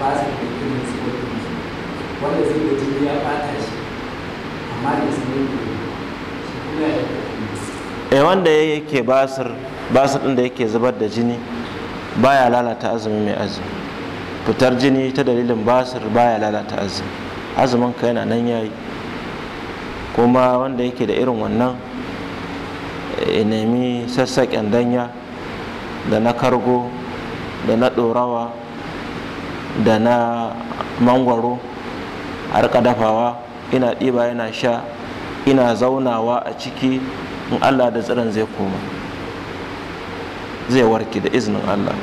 ba su da irin sifofin shi wanda zai ga jini ya bata shi amma da sanin da shi kuma ya yi eh, wanda yake basir basir din da yake zubar da jini baya lalata azumi mai azumi fitar jini ta dalilin basir baya lalata azumi azumin ka yana nan yayi kuma wanda yake da irin wannan ya nemi sassaƙen danya da na kargo da na ɗorawa da na mangwaro a rika dafawa ina ɗiba yana sha ina zaunawa a ciki in allah da tsiron zai koma zai warke da izinin allah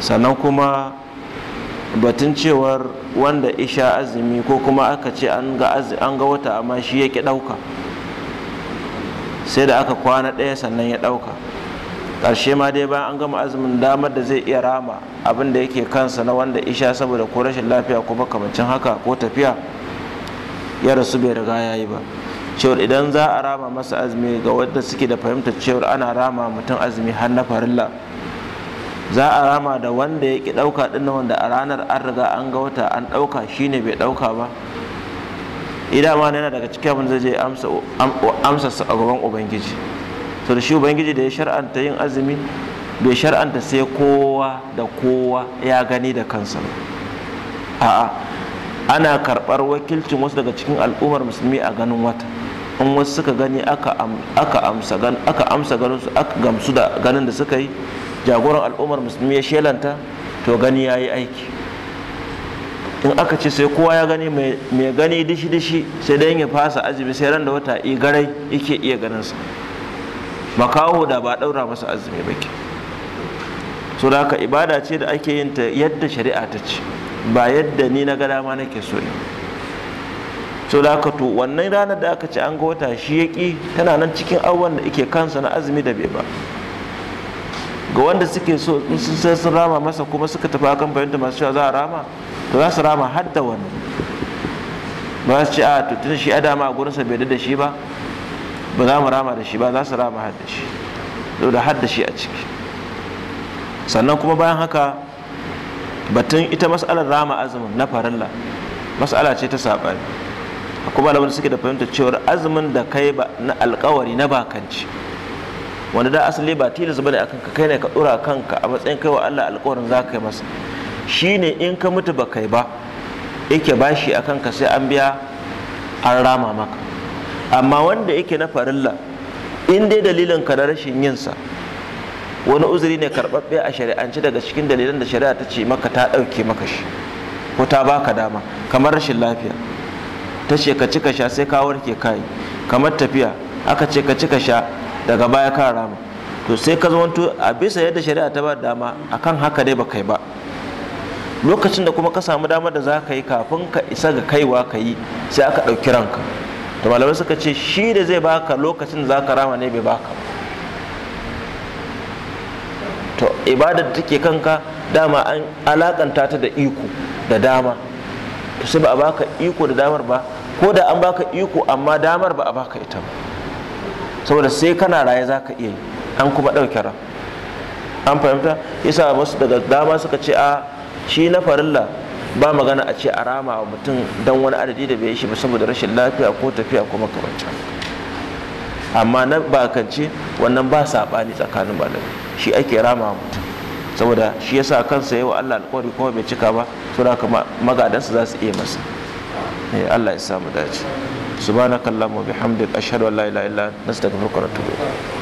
sannan kuma batun cewar wanda isha azumi ko kuma aka ce an ga wata amma shi yake ɗauka sai da aka kwana ɗaya sannan ya ɗauka ƙarshe ma dai bayan an gama azumin damar da zai iya rama abin da yake kansa na wanda isha saboda ko rashin lafiya ko makamancin haka ko tafiya ya rasu bai riga ya yi ba cewar idan za a rama masa azumi ga wadda suke da fahimtar cewar ana rama mutum azumi har na farilla za a rama da wanda ya ki ɗauka ɗin wanda a ranar an riga an ga wata an ɗauka shine bai ɗauka ba idan ma yana daga cikin abin zai je amsa a gaban ubangiji so da shi ubangiji da ya shar'anta yin azumi bai shar'anta sai kowa da kowa ya gani da kansa a'a ana karɓar wakilcin wasu daga cikin al'ummar musulmi a ganin wata in wasu suka gani aka amsa ganin su aka gamsu da ganin da suka yi jagoran al'ummar musulmi ya shelanta to gani ya yi aiki in aka ce sai kowa ya gani mai gani dishi-dishi sai dai ya fasa azumi sai ran da wata igarai yake iya ganinsa makaho da ba ɗaura masa azumi ba ke so da haka ibada ce da ake yin ta yadda shari'a ta ce ba yadda ni na ga dama nake so ne so da haka to wannan ranar da aka ce an ga wata shi ya ki tana nan cikin awon da ke kansa na azumi da bai ba ga wanda suke so in sun sai sun rama masa kuma suka tafi akan fahimta masu cewa za a rama to za su rama har da wani ba su ce a to tun shi adama a gurinsa bai da shi ba ba za mu rama da shi ba za su rama hada da shi da hada shi a ciki sannan kuma bayan haka batun ita mas'alar rama azumin na farilla mas'ala ce ta saɓani a kuma da suke da fahimta cewar azumin da kai na alkawari na bakanci wanda da asali ba tilas bane akan ka kai ne ka dora kanka a matsayin kai wa Allah alkawarin za ka yi masa ne in ka mutu ba kai ba yake bashi akan ka sai an biya an rama maka amma wanda yake na farilla in dai dalilin ka na rashin yinsa wani uzuri ne karɓaɓɓe a shari'ance daga cikin dalilan da shari'a ta ce maka ta ɗauke maka shi ko ta baka dama kamar rashin lafiya ta ce ka cika sha sai ka warke kai kamar tafiya aka ce ka cika sha daga baya ka rama to sai ka zamanto a bisa yadda shari'a ta ba dama akan haka dai ba kai ba lokacin da kuma ka samu dama da za ka yi kafin ka isa ga kaiwa ka yi sai aka ɗauki ranka to malamai suka ce shi da zai baka lokacin da ka rama ne bai baka to ibadar da take kanka dama an alakanta ta da iko da dama to sai ba a baka iko da damar ba ko da an baka iko amma damar ba a baka ita ba saboda sai kana raye za ka iya yi an kuma ɗauke ra. an fahimta yasa masu daga dama suka ce a shi na farilla ba magana a ce a rama wa mutum don wani adadi da bai shi ba saboda rashin lafiya ko tafiya ko makamanci amma na bakance wannan ba saɓani tsakanin malami shi ake rama wa mutum saboda shi ya yasa kansa yawa Allah alkawari kuma bai cika ba da kuma magadansa za su iya masa eh, Allah ya samu dace subhanakallahumma bihamdika ashhadu an la ilaha illa anta astaghfiruka wa atubu